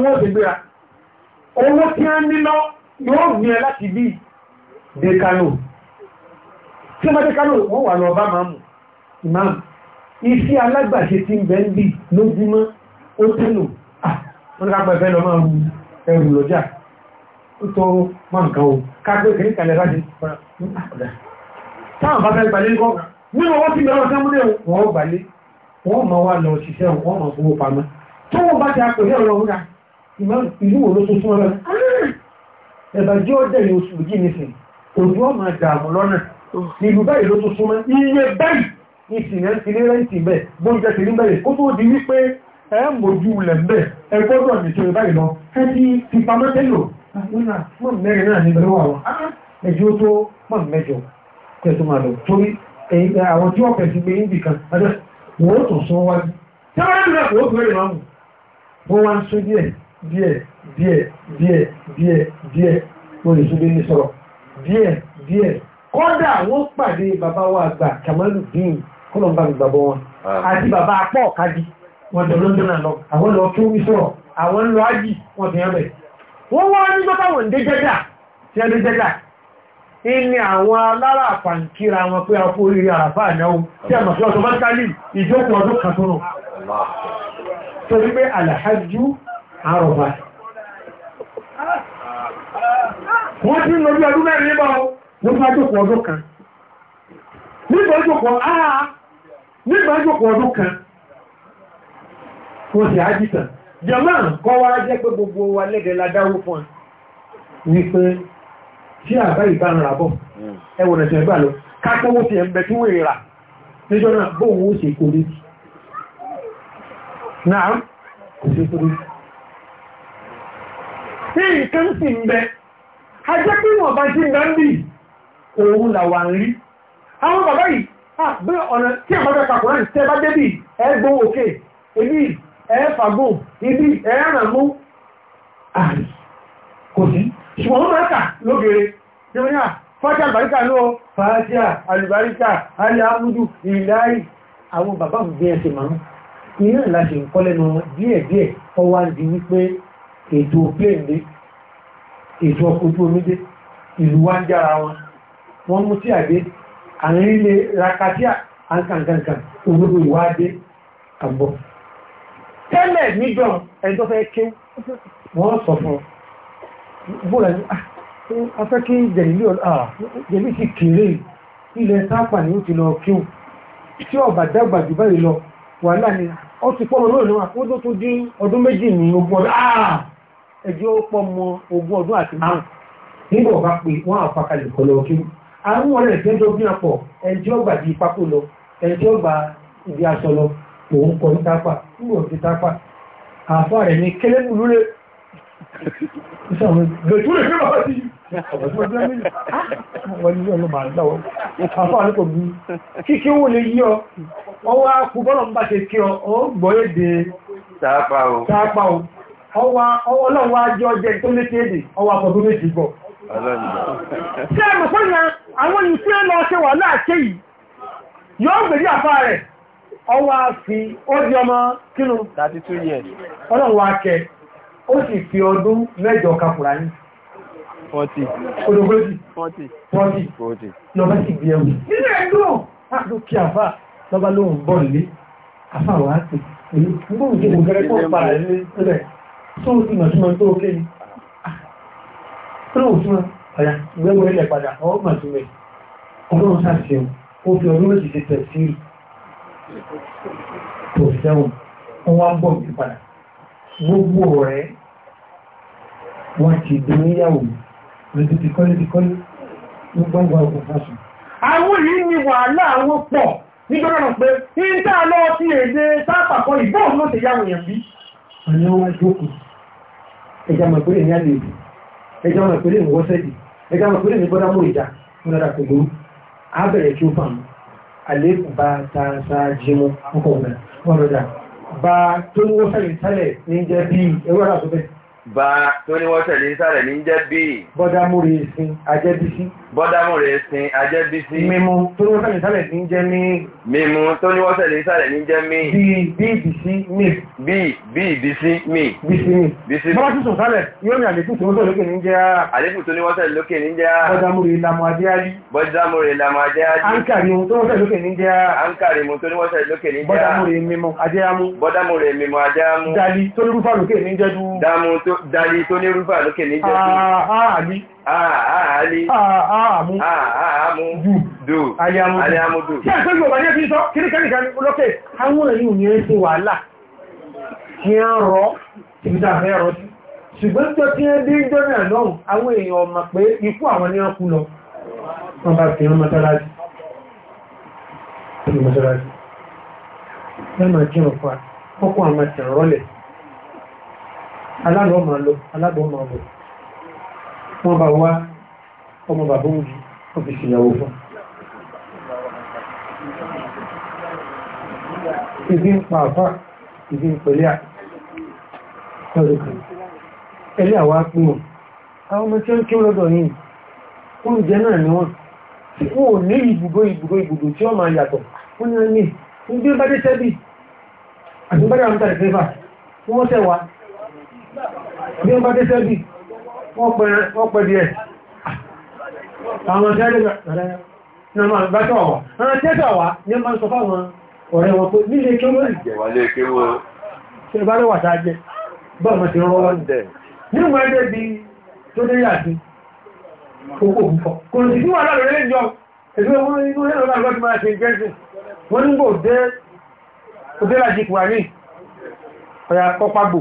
wọ́n ti gbéra owó tí a ń níná yóò gbìyàn láti bí dé tí wọ́n jẹ́ kánò wọ́n wà lọ bá máàmù ìmáàmù iṣẹ́ alágbàṣe ti ń bẹ́ ń bì lójúmọ́ ó tẹ́lò wọ́n ká pẹ̀fẹ́ lọ máa wu ẹrù lọ́jà ó tó máa nǹkan o kápẹ́ kìí kalẹ̀ láti ọ̀dà táwọn bá fẹ́ gbalé kọ́ nínú owó tí mẹ́rọ sẹ́múlẹ̀ wọ́n gbalé wọ́n máa wà lọ ṣiṣẹ́ wọ́n máa fowó pamọ́ tó wọ́n bá ti apò ní ọ̀rọ̀ ọ̀húnra ìlú wo ló tó súnmọ́ rẹ̀ ẹ̀bàjẹ́ ọ̀dẹ̀ ni oṣù yìí nìsín òjò ọmọ àdààmú lọ́nà Oh. ní ìlú báyìí ló tún súnmọ́ iye báyìí ìsìnlẹ̀ ti ní rẹ́ǹtì bẹ̀ bóúnjẹ ti ní bẹ̀rẹ̀ kó tó di wípé ẹ mọ̀jú lẹ̀ bẹ̀ ẹ gbọ́dọ̀ ní tó báyìí lọ ẹ ti fi pamọ́ tẹ́lò mọ̀ ah, mẹ́rin náà ní bẹ̀rẹ̀ wà ah. wọ́n ẹjọ́ tó mọ̀ mẹ́jọ kẹtù máa lọ torí àwọn tí wọ́n pẹ̀ sí pé níbi kan adẹ́ wọ́n tó sún wájú tí kọ́dà wọ́n pàdé bàbá wa àgbà kàmàlù dín kọ́lọ̀mbà gbàgbọ́ wọn ah. àti bàbá apọ̀ kájí wọn jọ lọ́dún náà lọ àwọn lọ kí omi sọ̀rọ̀ àwọn lọ ájì wọn ti yànbẹ̀ wọ́n wá ní gbọ́tàwọn ń dé jẹ́jà tí ẹni jẹ́jà àwọn alára àpàǹkíra wọn pé àràfà tí a mọ̀sí ọ̀tọ̀ mọ́tálì ìjókòó mo bá jókòó ọdún kan n'igba jókòó aha ọdún kan kò sí ájítà jọmọ́ kọ́ wá jẹ́ gbogbo wa lẹ́gẹ̀ ládáwó fún wípé tí àbá ìbá ń rabọ̀ ẹwọ̀n ẹ̀sẹ̀ ìgbà lọ kápọ́wó ti ẹ̀mẹ́ tí wọ́n ìrà níjọ́ náà bóun ó ṣe kò rí náà kò kò òun làwà ń rí àwọn bàbá yìí bí ọ̀nà tí àbábẹ́ kàkùnrin tẹ́ bá débì ẹgbó òkè ibi ẹ̀ẹ́fàgbò ibi ẹ̀ẹ́rànmú àrí kò sí ṣùgbọ́n wọ́n mẹ́ta lógere jẹ́mọ́nà fàájá àlùbáríkà ló fàájá àlùbáríkà aláàmúdù ìlàrí àwọn bàbá mi bí ẹsẹ̀ máa ń iná ìlàṣẹ ìkọlẹ́nu díẹ̀díẹ̀ ọwá di wípé ètò pléǹdé ètò ọkọ̀ ojú omi dé ìlú wá ń jára wọn wọn mú tí àdé àrílé rakatia àǹkàǹkàǹkàǹ olóògbé ìwádé àbọ̀ tẹ́lẹ̀ nígbọ̀n ẹni tó fẹ́ ké wọ́n sọ fún bóra ní afẹ́ ah, ah, kéré ilẹ̀ sápà ó ọba dàgbà jù báyìí lọ wà ó ti pọ́ ọmọ tó tún dín ọdún méjì ní ogún ọdún ah, ẹjọ́ pọ́ ogún ọdún àwọn ọ̀rẹ́ rẹ̀ tẹ́jọ́ bí ọ̀pọ̀ ẹjọ́ ọgbà di pápó lọ ẹjọ́ ọgbà ibi aṣọ lọ òun kọ ní tápà kúrò sí tápà àfọ́ rẹ̀ ní kẹ́lẹ́mù lórí Kíkí wò lè yí ọ, ọwọ́ akú bọ́lọ̀ ń bá ṣe kí ọ, ọ gbọ́yé dé tápà ọ, ọwọ́ ọlọ́wọ́ ajọ́ jẹ tó lé kéèdè, ọwọ́ akọ̀ tó lé jù bọ̀. Tí a mọ̀ sọ́nà àwọn ìfẹ́ lọ ṣe wà láàṣẹ yìí, yóò gbèrí àfá rẹ̀, fi ó di ọmọ kínú. 32 years. Ọlọ́run wa kẹ, ó sì fi ọdún mẹ́jọ kàkùrà ní. 40. 40. 40. 40. Lọ́bá sì gbé ẹwù. Nílẹ̀ ẹ̀dùn, á àfá lóhun bọ́ ọlọ́run fún ọ̀yà ìgbẹ́gbẹ́ ilẹ̀ padà ọgbà tó mẹ́ ọlọ́run sáàṣẹ́ ó fi ọdún méjì ti tẹ̀ sí tó sẹ́wọ̀n wọ́n wá ń bọ̀ mí padà gbogbo ọ̀rẹ́ wọ́n ti di níyàwó lójú ti kọ́lé ti kọ́lé ní gbọ́ngbọ́n ọkọ̀ fásùn. àwọn yìí ni wàhálà àwọn pọ̀ nígbọ́nà náà pé ìta lọ sí èdè sápàkọ ìbọ́ọ̀lù ló ti yàwó yẹn bí. àyẹ̀wò ẹjọ́ kù ẹ̀jẹ̀ àmọ̀ ìpínlẹ̀ ní àlè ìdí ẹjọ́ àwọn ìpínlẹ̀ ìwọ́ sẹ́dì ẹjọ́ àwọn ìpínlẹ̀ ìbọ́dá mú ìjà fún ọ̀dà pẹ̀lú abẹ̀rẹ̀ kí ó fà mú àlékún bá ta ṣáájú mú ọkọ̀ ọ̀gbẹ̀ wọn lọ́dà bá tó ń wọ́ sẹ́yìn sálẹ̀ ní jẹ́ bí ẹwọ́ àtọ́bẹ̀ bá tó ní wọ́n tẹ̀lé sáré ní jẹ́ bí. bọ́dámúre ìsìn ajẹ́bísí. bọ́dámúre ìsìn ajẹ́bísí. mímu tó ní wọ́n tẹ̀lé sáré ní jẹ́ mí. mímu tó ní wọ́n tẹ̀lé sáré ní jẹ́ mí. bí bí ìbísí mi. bí bí ìbísí mi. bísí mi. bísí mi. bọ́lá tuntun sálẹ̀ yóò ní àlékún tó ní wọ́n tẹ̀lé lókè ní jẹ́ a. àlékún tó ní wọ́n tẹ̀lé lókè ní jẹ́ a. bọ́dámúre ìlàmù adéálí. bọ́dámúre ìlàmù a. ankari mu tó a. bọ́dámúre mímu darí tó ní rúfà lókè ní jẹ́ ààrí ààrí ààmú dùdù aliamudu tí a pẹ́lú ọ̀bá ní ẹ̀fí sọ kíríkẹ́ríkẹ́ lókè àwọn èyí ní ẹ́ sí wàhálà kí a rọ ìbíta fẹ́ rọ sí ṣùgbọ́n tó tí ẹ́ dé jọ́nà lọ́hùn àwọn èèyàn ọmọ pé ikú àwọn ní ọkù lọ wọ́n bá fi hàn mọ́sálásí mọ́sálásí lẹ́mọ̀ kí ọkọ̀ àwọn ti rọ́lẹ̀ aláàrọ̀ máa lọ aláàrọ̀ máa bọ̀ wọ́n bá wá ọmọ bàbá òjì wọ́n fi ṣìyàwó fún ìdí ń pa àfá ìdí ń pẹ̀lẹ́ àkọlùkù ẹlẹ́ àwọn apínwọ̀ àwọn ọmọ tí ó ń kí lọ́dọ̀ yìí oúnjẹ náà ni wọ́n tí wọ́n ò ní ibùgbó ibùgbó ibùgbó tí ó máa yàtọ̀ wọ́n ní ẹni ní bí ó bá dé tẹ́bì àti bá dé àwọn tàbí wọ́n bí ó bá dé sẹ́bì wọ́n pẹ̀ díẹ̀ àwọn tẹ́lẹ̀gbà ní ọmọ sọ fáwọn ọ̀rẹ́ wọn pé nílé kéwọ́ ṣe bá lọ́wà sáájẹ́ bá ọmọ ti rọwọ́ ní ọmọ ẹgbẹ́ bí tó dé yàtí kókò púpọ̀ kò sí fún aláàrẹ̀ lẹ́jọ́ ẹgbẹ́ wọn inú ẹ̀rọ láàrẹ̀ ti máa ṣe gẹ́ẹ̀sì wọ́n nígbò dé láti kùwà ní ọ̀yà kọpagbò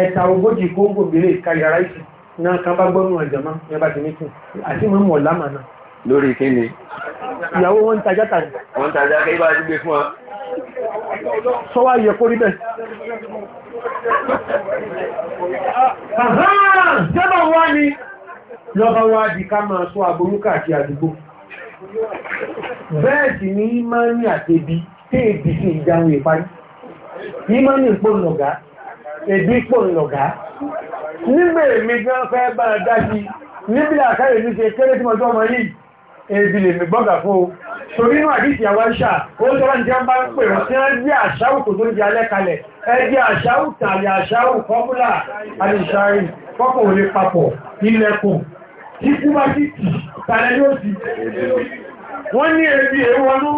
ẹ̀ta ogójì kóngò bèèrè kàyàrá ìsì náà kan gbọ́nù ọ̀jọ̀mọ́ ní ọba tìmítì àti mọ́ mọ̀ lámà náà. ni. ìyàwó wọn tajá tàbí. wọn tajá fún ọ. sọ kórí bẹ́ẹ̀. wá ni lọ́ba wá di ká máa sọ àdúgbò. bẹ́ẹ̀ sì ni ìmọ̀ ní àtẹ̀bí parí. ìmọ̀ ní èdè pò ń lọ̀gá nígbè mi gan fẹ́ bára dájí níbi àkáyè ní ṣe kéré tí mọ́jọ́ ọmọ yìí èdè lè mi gbọ́gà fún o torí inú àdíṣì àwọn ìṣà ó tọ́lá ní jẹ́ bá ń pè wọ́n tí wọ́n jẹ́ àṣáwù tó tó jẹ́ alẹ́ kalẹ̀ ẹgbẹ́ àṣáwù tàbí àṣáwù fọ́múlà àdìṣàrí fọ́pọ̀ òlé papọ̀ ilẹ̀kùn títí bá títì tàlẹ́ yóò ti wọ́n ní ebi èwọ́nú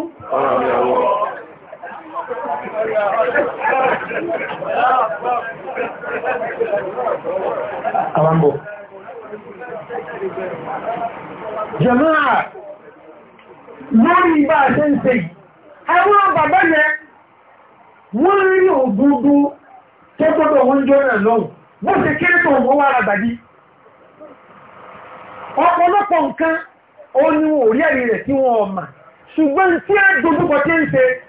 Àwàmbò. Jẹ̀máà lórí bá ṣe ń ṣe àwọn bàbá yẹ wọ́n rí ògúgú tó gbọ́dọ̀ wọ́n jọ rẹ̀ lọ́wọ́ wọ́n ti kéré tó wọ́n wára dàbí. Ọ̀pọ̀lọpọ̀ nǹkan ó ní orí ẹ̀rí rẹ̀ tí wọ́n ọmọ ṣùgbọ́n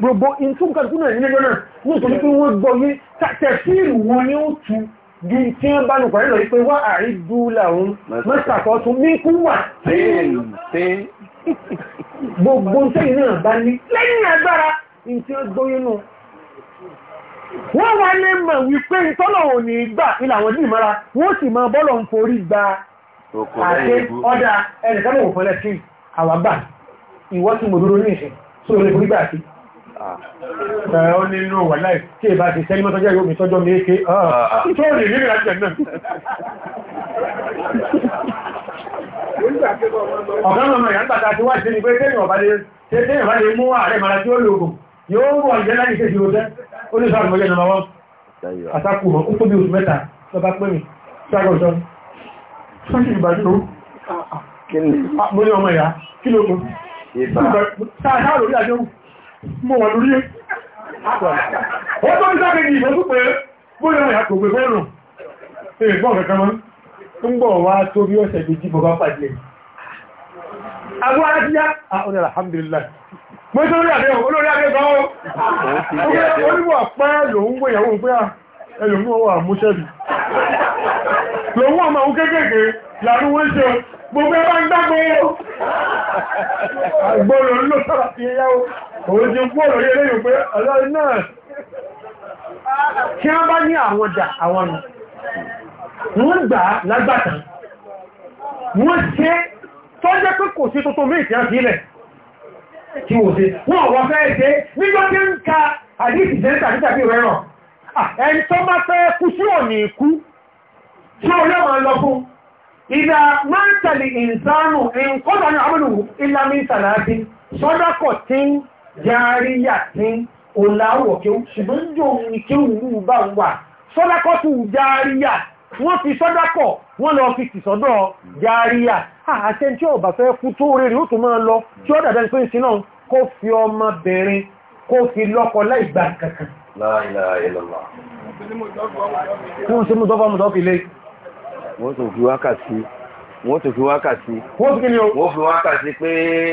gbogbo ìtúnkàtúnà nílẹ́jọ́ náà nítorí pé wọ́n gbọ́ yí tẹ̀síìrù wọn ni ó tu bí tí wọ́n bá nù pàdé lọ wípé wá àrídúlà òun mẹ́sàkọ́ tún ní kú wà gbogbo tẹ́yìn náà bá ní lẹ́yìn agbára tí ó gbóyé nù wọ́n wá lè mọ̀ wípé ìtọ́lọ̀ ò ní gbà ilà àwọn ní ìmọ́ra wọ́n sì mọ bọ́lọ̀ ń forí gba àti ọ̀dà ẹnìkan mọ̀ fọ́lẹ̀ sí àwàgbà ìwọ́sùn mòdúró ní ìṣẹ́ sórí orí gbà sí Ah. Ó ní inú wà láì tí ìbá ti sẹ́lí mọ́tọ́jẹ́ yóò mi tọ́jọ́ mi éké. Tó rí nínú àjẹ́ náà. Ọ̀gá mọ̀mọ̀ ìyá ń bàtà ti wá sí ni pé tẹ́yìn ọ̀bá lè mú ààrẹ mara tí ó lòògùn yóò wọ̀ ìjẹ́ láì ṣe ìṣirò jẹ́. Ó ní sọ́ọ̀rọ̀ mọ́jẹ́ mo wà lórí ọjọ́ ìsáàkì ní ìbọn púpẹ̀ bóyá ìyà kò gbé fẹ́rùn ẹgbọ́n kankan ń bọ̀ wá tó bí ọ̀sẹ̀ méjì bọ̀ pàdé agbó alájíyá àwọn lòun ọmọ òun kékèké lànú wọ́n ṣe gbogbo ẹbá ń gbá gbogbo gbòòrò ń lò sára fi yá o òun ti gbòòrò yẹ lẹ́yìn pé ọlọ́rin náà kí wọ́n bá ní àwọn ọjà àwọn nù wọ́n gbà lágbàtà wọ́n ṣe tọ́jẹ́ pé kò sí tuntun méjì á sílẹ̀ tí wò sí wọ́n wọ́n fẹ́ ṣe nígbà tí ń ka àdíṣì Ah, ẹni tó bá fẹ́ kú sí òní ikú tí ó yọ́ máa lọ fún ìdá máa ń ìsánù ìkọ́dà ní àmìlù ìlàmí ìtàláàdì sọ́dákọ̀ tí ń yarí yà tí òláwọ̀ kí ó ṣùgbọ́n jò ní kí òwú bá wà sọ́dákọ̀ yà wọ́n fi sọ́dákọ̀ wọ́n lọ fi tì sọ́dọ̀ yarí yà ah, tí ó fẹ́ kú tó ó tó kankan wọ́n sí mú dọ́fà mú dọ́fà ilé wọ́n tó fi wákàtí wọ́n tó fi wákàtí wọ́n fi wákàtí pé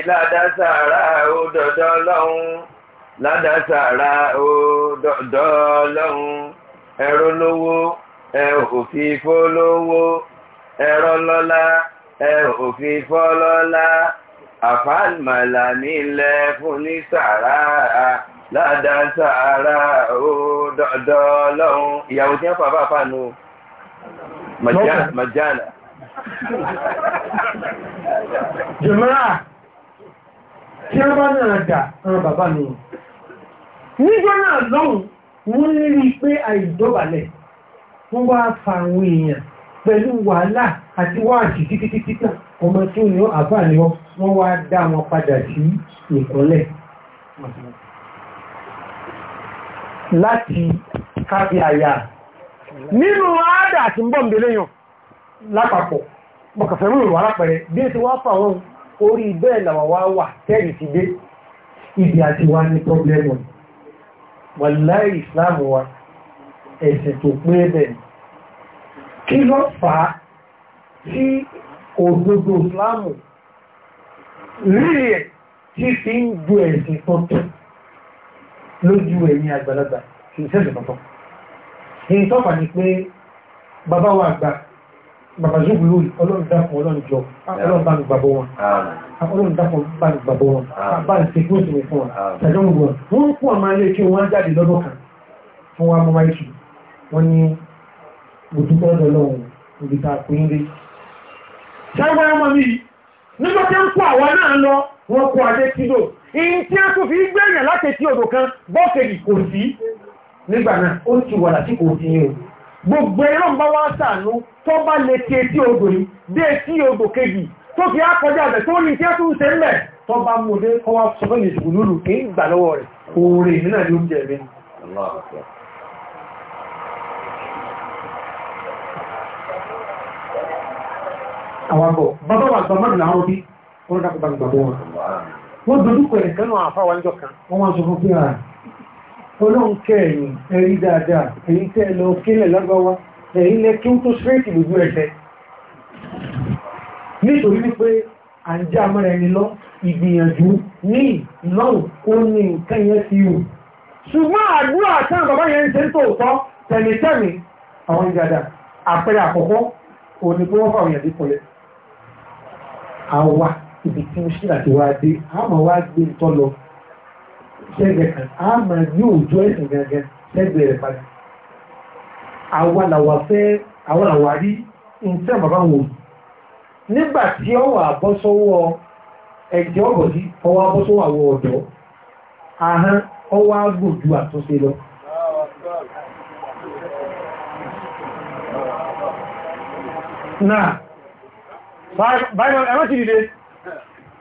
ládásàárá ó dọ̀dọ̀ lọ́hun ládásàárá ó dọ̀dọ̀ lọ́hun ẹ̀rọ lówó òfin fọ́ lówó ẹ̀rọ lọ́lá òfin fọ́ lọ́lá àfàlmàlà nílẹ̀ fún ní sàárá ládàáṣà ara ó dọ́dọ́ lọ́hún ìyàwó tí wọ́n fà bá fà nù màjánà. jùmọ́ra tí wọ́n bá náà dà àwọn bàbá mi níjọ́ náà lọ́hùn wọ́n rí pé àìdọ́bàlẹ̀ wọ́n wá fa àwọn èèyàn pẹ̀lú wàhálà àti wáàtì títítítí tán ọmọ tí ó ní àbá ni wọ́n wá dá wọn padà sí ìkọ́lẹ̀ láti káfí àyà nínú àádà àti ń bọ́m̀dé léyàn lápapọ̀ mọ̀kànfẹ́ mú ìrọ̀ alápẹ̀rẹ̀ bí i ti wá fà wọn orí bẹ́ẹ̀ làwà wá wà tẹ́rì ti dé ibi àti wá ní pọ́blẹ́mù wàláì ìsìláàmù wa ẹ̀sìn tó pé bẹ̀ kí ló fà á tí òdodo ìsìláàmù lójú ẹ̀yìn àgbàlagbà kì í sẹ́sẹ̀ tọ̀tọ̀ èyí tọ́fà ni pé bàbá wa àgbà bàbá zúgbì lórí ọlọ́run dákun ọlọ́run jọ ọlọ́run bá ní gbàgbọ́ wọn ọlọ́run dákun bá ní gbàgbọ́ wọn bá ní ṣe fún ìsinmi fún wọn tàbí wọn wọn wọn kú àmà ilé kí wọn jáde lọ́dọ̀ kan fún wa mọ́má ìṣù wọn ní òdúgbò ọdọ lọ́wọ́ níbi tá a pín in dé. ṣáwá ọmọ mi nígbà tí ń kó àwa náà lọ wọn kó adé kílò ìyí tí a tún fi gbẹ̀yàn láti tí odò kan bọ́kẹ̀lì kò sí nígbà náà ó wà láti kò o gbogbo ẹ̀rọ ń bá wá sàánú tó bá lè ti etí odò yìí dé etí kejì tó fi ákọjá rẹ̀ tó ní tí a tún ṣe ń bẹ̀ tó bá mú kọ́ wá sọ fẹ́ lè sùn lúlù kí ń gbà lọ́wọ́ rẹ̀ wọ́n dojúkọ̀ ẹ̀kan náà àfáwà ń jọkan wọ́n wọ́n sọ fún fí ara ọlọ́run kẹ́ẹ̀yìn ẹ̀rí dáadáa èyí tẹ́ lọ kílẹ̀ lágbàwá ẹ̀yí lẹ kí ó tó sírẹ́tì lójú ẹ̀ṣẹ́ nítorí wípé à ń já mọ́ra ẹni lọ ìgbìyànjú ní ìlọ́run ó ní nǹkan yẹn ti rù ṣùgbọ́n àdúrà tán bàbá yẹn ń ṣe ń tòótọ́ tẹ̀mítẹ̀mí àwọn ìjàdà àpẹẹrẹ àkọ́kọ́ òní pé wọ́n fàwọn ìyàdí kọlẹ̀ àwa ibi tí ó ṣíra ti wá dé àmọ́ wá gbé tọ́ lọ sẹ́gbẹ̀ẹ́ kan àmọ́ ní òjò ẹ̀sìn gangan sẹ́gbẹ̀ẹ́ rẹ̀ padà àwa làwa fẹ́ àwa làwa rí nǹkan bàbá wò nígbà tí ó wà bọ́ sọ́wọ́ ẹ̀jẹ̀ ọ̀bọ̀ sí ọwọ́ bọ́ sọ́wọ́ àwọn ọ̀dọ́ ahán ọwọ́ àtúnṣe lọ. náà báyọ̀ ẹ̀rọ ti dìde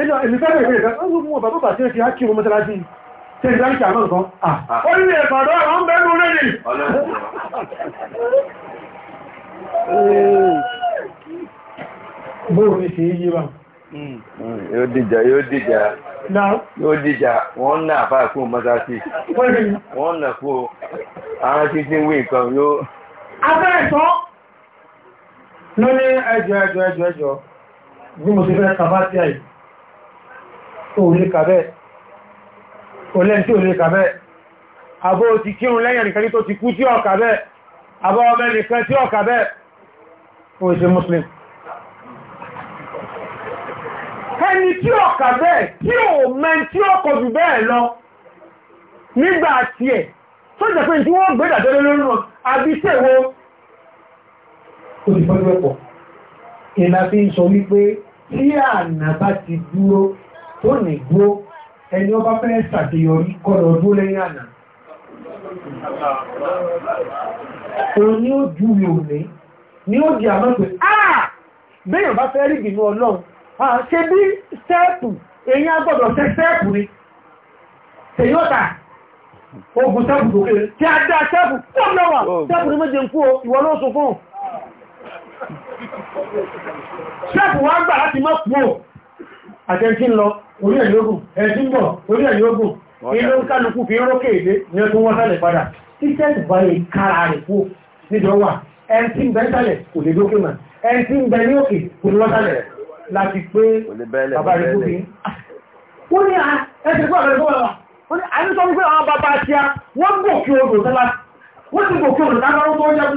ẹjọ́ ìlúfẹ́lẹ̀ ìwé ìfẹ́ ọdún mú ọ̀bá bọ́bà tí ó ti á kí o mọ́sálásí tí ìgbà ń kí àmọ́ nǹkan ah. ó ní ẹ̀fàdọ́ àwọn bẹ́ẹ̀rù lẹ́nì bóò ní sí yí bá hmm. yóò dìjà yóò dìjà yóò dìjà wọ́n náà fà kú mọ́sálásí wọ́n náà kú àwọn tí tí wí nǹkan yóò abẹ́ ìtọ́ ló ní ẹjọ́ ẹjọ́ ẹjọ́ ẹjọ́ bí mo ti fẹ́ kàbá sí àyè tó lè kàbẹ́ àbọ́ ti kírun lẹ́yìn nìkan tó ti kú tí ó kàbẹ́ àbọ́ ọmọ nìkan tí ó kàbẹ́ ó ṣe muslim ẹni tí ó kàbẹ́ tí ó mẹ́ tí ó kọ̀ jù bẹ́ẹ̀ lọ nígbà àti ẹ̀ tó jẹ́ pé tí wọ́n gbẹ́dàdẹ́lẹ́ lórúnà àbí tèwo ìlàfíìsọ wípé tí ànà tó ní dúó ẹni ọba fẹ́ ṣàṣeyọrí kọ́lọ̀ dúó lẹ́yìn àná òun ni ó ju mi ò ní ni ó di àmọ́ pé áà béèyàn bá fẹ́ rí ìgbìmọ̀ ọlọ́run àà ṣe bí sẹ́ẹ̀pù èyí agbọ́dọ̀ ṣe sẹ́ẹ̀pù ni tèyọ́ta ogun sẹ́ẹ̀pù tó kéré tí a dá sẹ́ẹ̀pù pọ́nlọ́wà sẹ́ẹ̀pù ní méje ń kú ìwọ ló sọ fún sẹ́ẹ̀pù wá gbà láti mọ́ kú ò lọ orí ẹ̀yọ́gùn ẹ̀dínbọ̀ orí ẹ̀yọ́gùn ilé ń kálukú fi rókè èdè ní ẹkùn wọ́n sálẹ̀ padà títẹ́ẹ̀tì bá lè kára rẹ̀ kú níjọ wà ẹn tí ń bẹ sálẹ̀ kò lè dókè mà ẹn tí ń bẹ ní òkè kò lọ sálẹ̀ láti pé bàbá rẹ̀ kú bí. wọ́n ní ẹsẹ̀ fún àgbẹ̀rẹ̀ fún wa wọ́n ní àyè sọ wípé àwọn bàbá àti a wọ́n gòkè odò sálá wọ́n ti gòkè odò sálá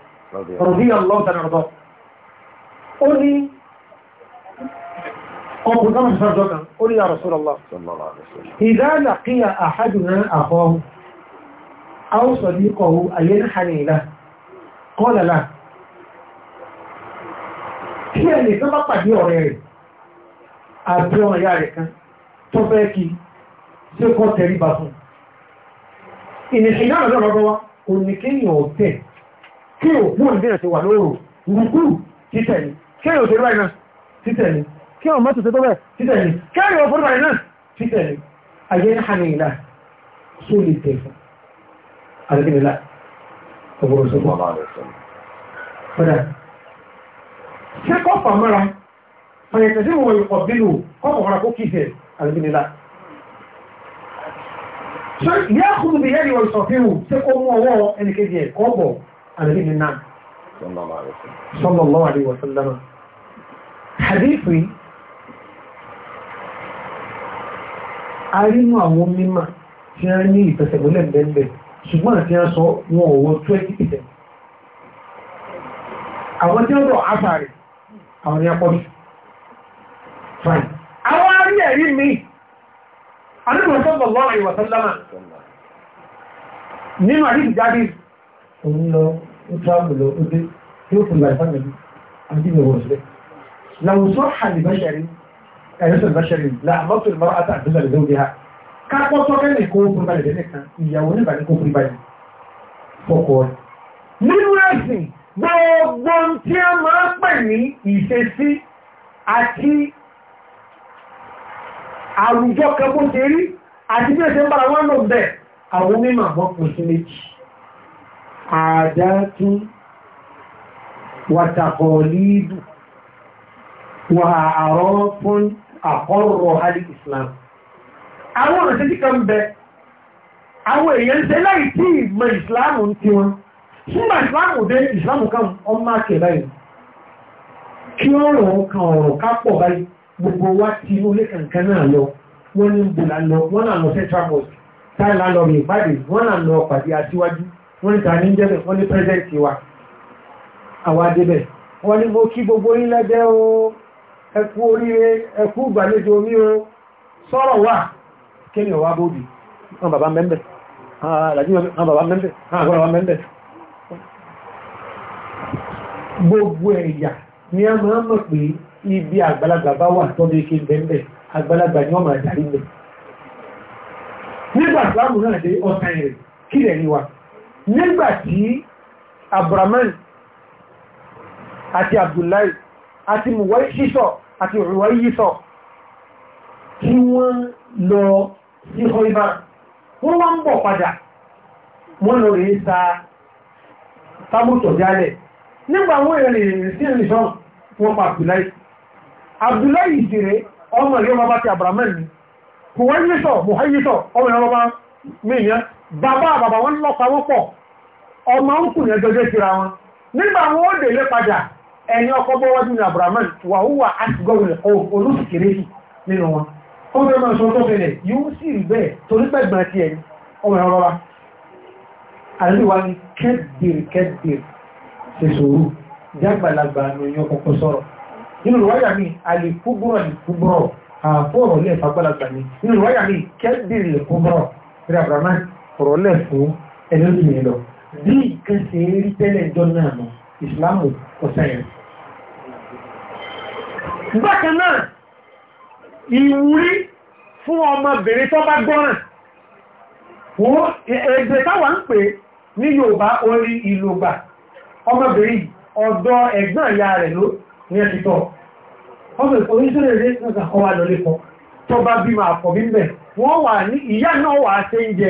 rọ̀bí ọlọ́wọ́ tàbí ọ̀rọ̀ ó ní ọkùnrin kan sọ́jọ́ kan ó ní àrọ̀sọ́lọ́lọ́ ìdáàlà kí àhàjùnà àkọ́hù áwùsọ̀ ní kọ̀hù ayé ní hànílá kọ́lẹ̀lá kí ẹni tó bá pàdé ọ̀rẹ́ rẹ̀ àbí ọmọ ìyá rẹ̀ kan tó fẹ́ kí tí kọ́ tẹríba fún ìnìṣẹ́ náà lọ́rọ̀ kí òkú ìdínà ti wà lóòrùn ìrùkú títẹ̀ ni kí èyàn òṣèré báyìí náà títẹ̀ ni kí àwọn mọ́tò tó bẹ̀ títẹ̀ ni kí èyàn òfúrú báyìí náà títẹ̀ ni ayé ní hàní ìlà sí olè tẹ̀ fún àdébí nílà ọgbọ̀n sọ fún ọ̀dà ṣé kọ́ fàmọ́ra fàyẹ̀kẹ̀ sí wọn ìkọ̀ bínú kọ́ kọ̀ọ̀kọ̀ra kó kí ìfẹ́ àdébí nílà yá kúrú bí yẹ́ni wọ́n sọ fíhù ṣé kó àlẹ́bí ní náà sallallahu alaihi wasallam hadithi arínú àwọn mímọ̀ tí a ní ìfẹsẹ̀múlẹ̀ bẹ́ẹ̀ ṣùgbọ́n àti a sọ wọn ọ̀wọ́ 20% àwọn tí ó rọ̀ afárí àwọn ni a pọ̀ jù fine àwọn arí ẹ̀rí mi alẹ́bùn sallallahu alaihi wasallam nínú àdíjì jáde òun lọ ó tíráàmù lọ ó dé yóò fún láì fáwọn ẹbí àdínà wọ̀ sílẹ̀ làwùsọ hàlì báṣẹ̀rí ẹ̀rẹ́sọ̀ báṣẹ̀rí làmọ́tò ìmọ̀ràn àti àdúgbò lè lóde ha kápọ́ tọ́kẹ́lì kó fún balẹ̀ lẹ́nì kan ìyàwó nígbà ní kó fún balẹ̀ fọkọ rẹ̀. nínú ẹ̀sìn gbogbo ń bára wọn lò bẹ́ẹ̀ àwọn onímọ̀ àwọn kò sí méjì àádátú wàtàkọ̀ọ̀lìdù wà àárọ̀ fún àkọ́rọ̀ alì islam àwọn ọ̀nà títí kan bẹ àwọn èèyàn ṣe láì tí ìmọ̀ ìsìláàmù tí wọn ṣúgbà ìsìláàmù dé ìsìláàmù kan ọmọ àkẹ́ báyìí kí ó rọ̀ kan ọ̀rọ̀ kápọ̀ báyìí gbogbo wá ti olé kankan náà lọ wọ́n ní bùlá lọ wọ́n náà lọ sẹ́tramọ̀sì táìlá lọ rí ìpàdé wọ́n náà lọ pàdé aṣíwájú wọ́n ní ta ní jẹ́bẹ̀ wọ́n ní pẹ́sẹ̀ntì wa àwọn adébẹ̀ wọ́n ní mo kí gbogbo yín lẹ́gbẹ́ o ẹkú oríire ẹkú gbàlejò mi o sọ̀rọ̀ wà kí ni ọwá bóbi wọn bàbá mẹ́mbẹ̀ wọn bàbá mẹ́mbẹ̀ wọn àgbọ́n wọn mẹ́mbẹ̀ ni a máa mọ̀ pé ibi ni wọ́n máa darí dé ọ̀tá ẹ̀rẹ̀ kí lẹ̀ ní wa nígbàtí abraman àti abdullahi àti muwai ṣíṣọ́ àti ruwai yíṣọ́ tí wọ́n lọ sí ọ̀ibá wọ́n wá ń bọ̀ padà wọ́n lọ rí sa tábùtọ̀ jálẹ̀ nígbà wọ́n ìrìnrìn sí ìrìnṣọ́ wọ́n pa abdullahi abdullahi ìṣẹ́rẹ́ ọmọ ìrìnwọ́n bá ti abraman ni kò wáyíṣọ́ muhayyíṣọ́ bàbá bàbá wọn lọ́pa wọ́pọ̀ ọmọ ń kùn ẹjọ́jẹ́ síra wọn nígbà wọn ó délé padà ẹni ọkọ̀ bọ́wọ́dún ní abraman wà húwà àtìgọ́rùn olùsìkèrè nínú wọn ó bẹ́ẹ̀ máa sọ tó fẹ́lẹ̀ yóò sì rí bẹ́ẹ̀ torí pẹ̀gbọ́n ti ẹni ọmọ ẹ̀rọ wa àríwá ni kẹ́bìrì kẹ́bìrì ṣe sòrò jágbàlagbà ní oyún ọkọ̀ sọ̀rọ̀ nínú ìwáyà ni nínú abraman ọ̀rọ̀ lẹ̀ fún ẹlẹ́rìí lọ bí nǹkan ṣe ń rí tẹ́lẹ̀ ìjọ náà nù ìsìláàmù ọ̀sẹ̀ yẹn. bákan náà ìwúrí fún ọmọbìnrin tó bá gbọ́ràn wọ́n ẹgbẹ́ táwa ń pè ní Yorùbá orí ìlògbà ọmọbìnrin ọ̀dọ̀ ẹ̀gbọ́n ìyá rẹ̀ ló ní ẹ̀ títọ́ ọmọ ìkòrí sílẹ̀ rẹ̀ nígbà kọwàá lọ lẹ́kọ́ tó bá bí máa pọ̀ bí mẹ́ wọ́n wà ní ìyá náà wà á ṣe ń jẹ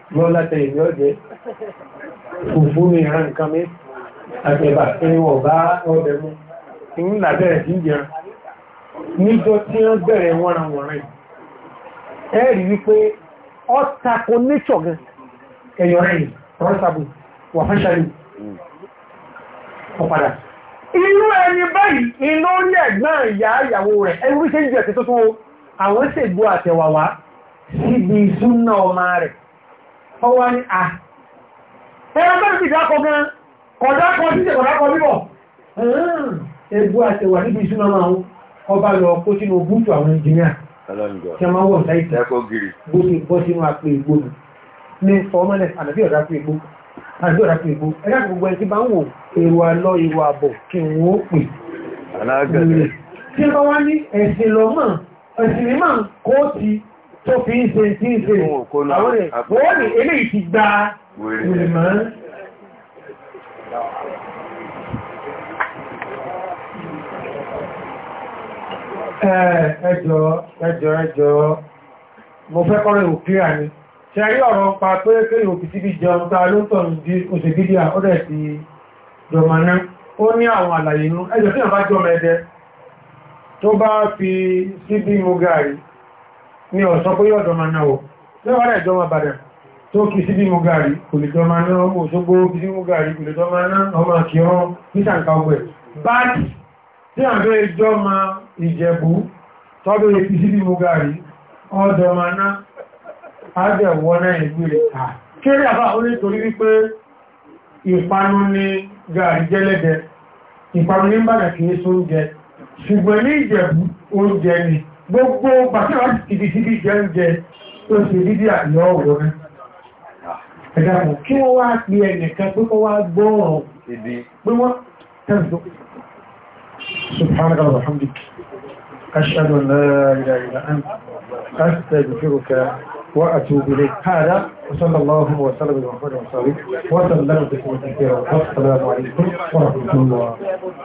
wọ́n láti èmi ọ̀dẹ́ fùfú mi ìran nǹkan mi àtẹ̀bà tí wọ́n bá ọ̀dẹ̀ mú tí ń làbẹ̀rẹ̀ jíjẹ níjọ tí wọ́n bẹ̀rẹ̀ wọ́nra wọ̀nrin ẹ̀rí wípé ọ́tako nature gan ẹ̀yọ̀ rẹ̀ rọ́sàbù wà fẹ́ṣàlì ọ̀padà inú ẹni báyìí inú ní ẹ̀gbọ́n ìyá ìyàwó rẹ̀ ọwọ́ ni à ah. ẹ̀rọ tó ti dákọ̀ gan kọ̀dákọ̀ sí ṣe kọ̀dákọ̀ bíbọ̀ ẹgbú àtẹwà níbi ìṣúná máa ń ọba lọ kó sínú búùtù àwọn ìjìnlẹ̀ tí a máa wọ̀ sáìtì bó ti bọ́ sínú ni ní fọ́mọ́lẹ̀ àdàbí ọ̀dá pé igbó àdàbí ọ̀dá pé igbó ẹ̀dá gbogbo ẹni tí bá ń wò èrò àlọ́ wọ́n pè tí wọ́n tó fi ń ṣe tí ń ṣe àwọn ìwọ́nì eléyìí ti gba wèrè mọ́ ẹjọ́ ẹjọ́ ẹjọ́ mo fẹ́ kọ́rọ̀ ìwò kíra ni ṣe rí ọ̀rọ̀ pa pé kí ìwò kìí síbí jẹun ta ló tọ̀ ní oṣù gídíà ó dẹ̀ ti jọmọ náà ó ní àwọn àlàyé inú ẹjọ́ tí wọ́n bá jọmọ ẹ̀dẹ́ tó bá fi síbí mú gàrí ní ọ̀sán pé yọ́dọ̀ máa náwó lẹ́wọ́rẹ́ ìjọba bàdàn tó kì sí bí mú gàrí kò lè jọ máa ná ọmọ òṣogbo kì sí mú gàrí kò lè jọ máa ná ọmọ àkíọ́ nítàǹkà ọgbẹ̀ báàkì tí àbẹ́ ìjọba ìjẹ̀bú tọ́bẹ̀ kì sí bí mú gàrí ọdọ̀ máa ná àbẹ̀wọ́ náà ìgbé gbogbo bàtíwà ìdíjìdí jẹ́ tó ṣe dídí àyọ́ ọ̀rọ̀ rẹ̀ ẹ̀dà mọ̀ kí wọ́n wá pí ẹnìkan pé kọ́ wá gbọ́ọ̀rọ̀ وأتوب إليك هذا وصلى الله وسلم على محمد وصحبه وسلم على سيدنا محمد وصلى الله عليه وسلم ورحمة الله